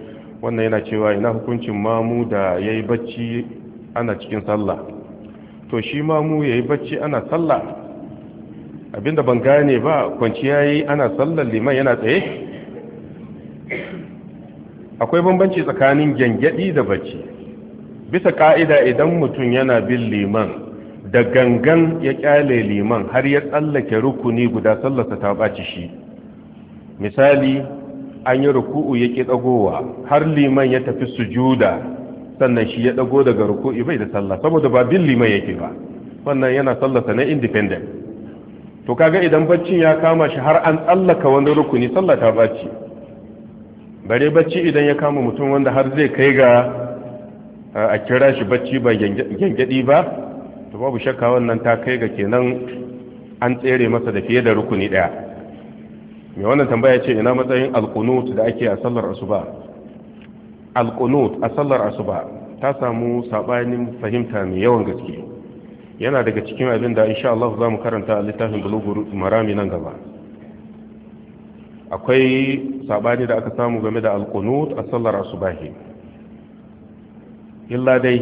[SPEAKER 1] wannan yana cewa ina hukuncin mamu da ya yi bacci ana cikin sallah to shi mamu ya yi bacci ana sallah abinda ban gane ba kwanciya yi ana sallar liman yana tsaye akwai bambanci tsakanin gyangyaɗi da bacci bisa ka'ida idan mutum yana bin liman da gangan ya kyale liman har ya tsallake rukuni guda sallarsa ta ɓaci shi misali an yi ruku'u ya ƙi ɗagowa har liman ya tafi sujuda sannan shi ya ɗago daga ruku'u bai da sallah saboda ba bin liman yake ba wannan yana sallarsa na independent to kaga idan baccin ya kama shi har an tsallaka wani rukuni sallah ta baci. bare bacci idan ya kama mutum wanda har zai kai ga a kira shi bacci ba gyangyaɗi ba to babu shakka wannan ta kai ga kenan an tsere masa da fiye da rukuni ɗaya mai wannan tambaya ce ina matsayin alkunut da ake a sallar asuba alkunut a sallar asuba ta samu sabanin fahimta mai yawan gaske yana daga cikin abin da insha Allah za mu karanta a littafin bulugur marami nan gaba akwai sabani da aka samu game da alkunut a sallar asubahi illa dai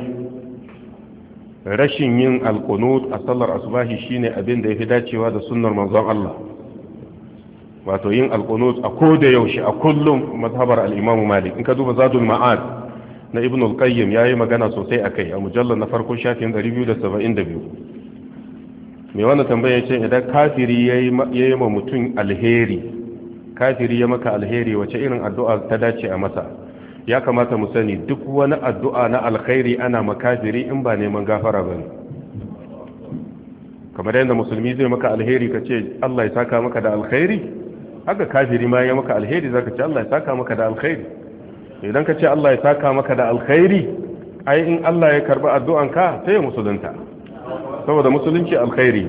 [SPEAKER 1] rashin yin alkunut a sallar asubahi shine abin da ya fi dacewa da sunnar manzon Allah wato yin alkunut a koda yaushe a kullum mazhabar al Malik in ka duba Zadul Ma'ad na ibn al-qayyim yayi magana sosai akai a mujallar na farko shafin 272 mai wannan tambaya ce idan kafiri yayi ma mutum alheri kafiri ya maka alheri wace irin addu'a ta dace a masa ya kamata mu sani duk wani addu'a na alkhairi ana makafiri in ba neman gafara bane kamar yadda musulmi zai maka alheri ka Allah ya saka maka da alkhairi haka kafiri ma ya maka alheri zaka ce Allah ya saka maka da alkhairi idan ka ce Allah ya saka maka da alkhairi ai in Allah ya karba ka sai ya musulunta saboda musulunci alkhairi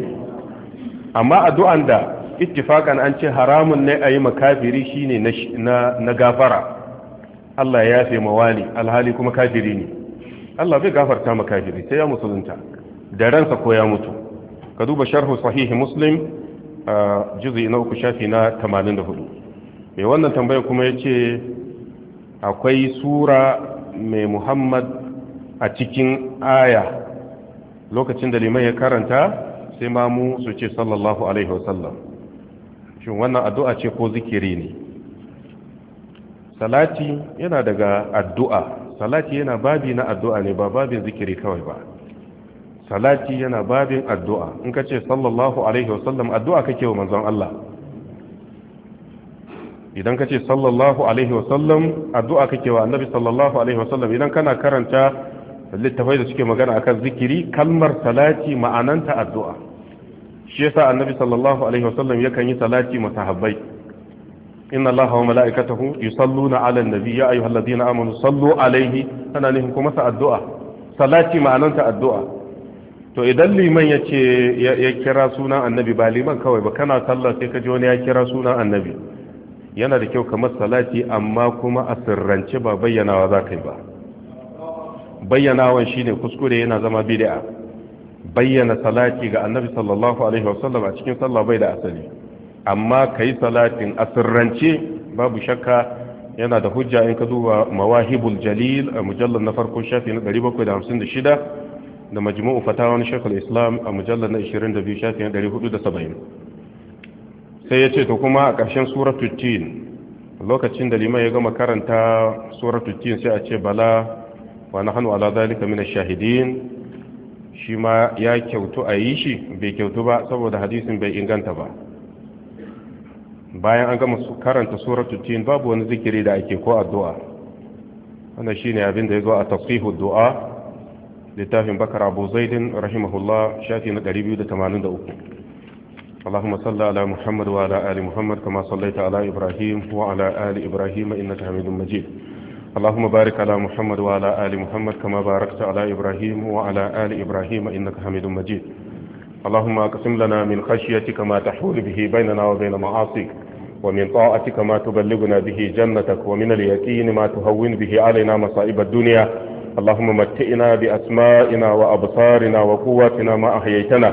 [SPEAKER 1] amma addu'an da ittifakan an ce haramun ne a makafiri shine na gafara Allah ya yafe mawali alhali kuma kafiri ne Allah bai gafarta makafiri sai ya musulunta da ransa ko ya mutu ka duba sharhu sahihi muslim uh, juzi na uku shafi na 84 mai eh, wannan tambaya kuma ya ce akwai sura mai muhammad a cikin aya lokacin da liman ya karanta sai mamu su ce sallallahu alaihi wasallam shin wannan addu'a ce ko zikiri ne salati yana daga addu'a salati yana babi na addu'a ne ba babin zikiri kawai ba salati yana babin addu'a in ka ce sallallahu alaihi wasallam addu'a kake wa manzon Allah idan ka ce sallallahu alaihi wasallam addu'a kake wa annabi sallallahu alaihi wasallam idan kana karanta littafai da suke magana akan zikiri kalmar salati ma'ananta addu'a shi yasa annabi sallallahu alaihi wasallam yakan yi salati masahabbai inna allaha wa mala'ikatahu yusalluna 'ala an-nabi ya ayyuhalladhina amanu sallu alaihi ana nufin kuma sa addu'a salati ma'ananta addu'a to idan liman yace ya kira suna annabi ba liman kawai ba kana sallah sai ka wani ya kira sunan annabi yana da kyau kamar salati amma kuma a sirrance ba bayyanawa za ka yi ba bayyanawan ne kuskure yana zama bidi'a. bayyana salati ga annabi sallallahu alaihi wasallam a cikin sallah bai da asali amma kai salatin a sirrance babu shakka yana da hujja in ka duba mawahibul jalil a mujallar na farko shafi na 756 da majmu'u na shekul islam a mujallar na 22 shafi na 470 sai ya ce to kuma a ƙarshen suratu tin lokacin da liman ya gama karanta suratu tin sai a ce bala wa na hannu ala zalika mina shahidin shi ma ya kyautu a yi shi bai kyautu ba saboda hadisin bai inganta ba bayan an gama karanta suratu tin babu wani zikiri da ake ko addu'a wannan shine abin da ya zo a tafsihu du'a littafin bakar abu zaidin rahimahullah shafi na 283 اللهم صل على محمد وعلى آل محمد كما صليت على إبراهيم وعلى آل إبراهيم إنك حميد مجيد اللهم بارك على محمد وعلى آل محمد كما باركت على إبراهيم وعلى آل إبراهيم إنك حميد مجيد اللهم أقسم لنا من خشيتك ما تحول به بيننا وبين معاصيك ومن طاعتك ما تبلغنا به جنتك ومن اليقين ما تهون به علينا مصائب الدنيا اللهم متئنا بأسمائنا وأبصارنا وقواتنا ما أحييتنا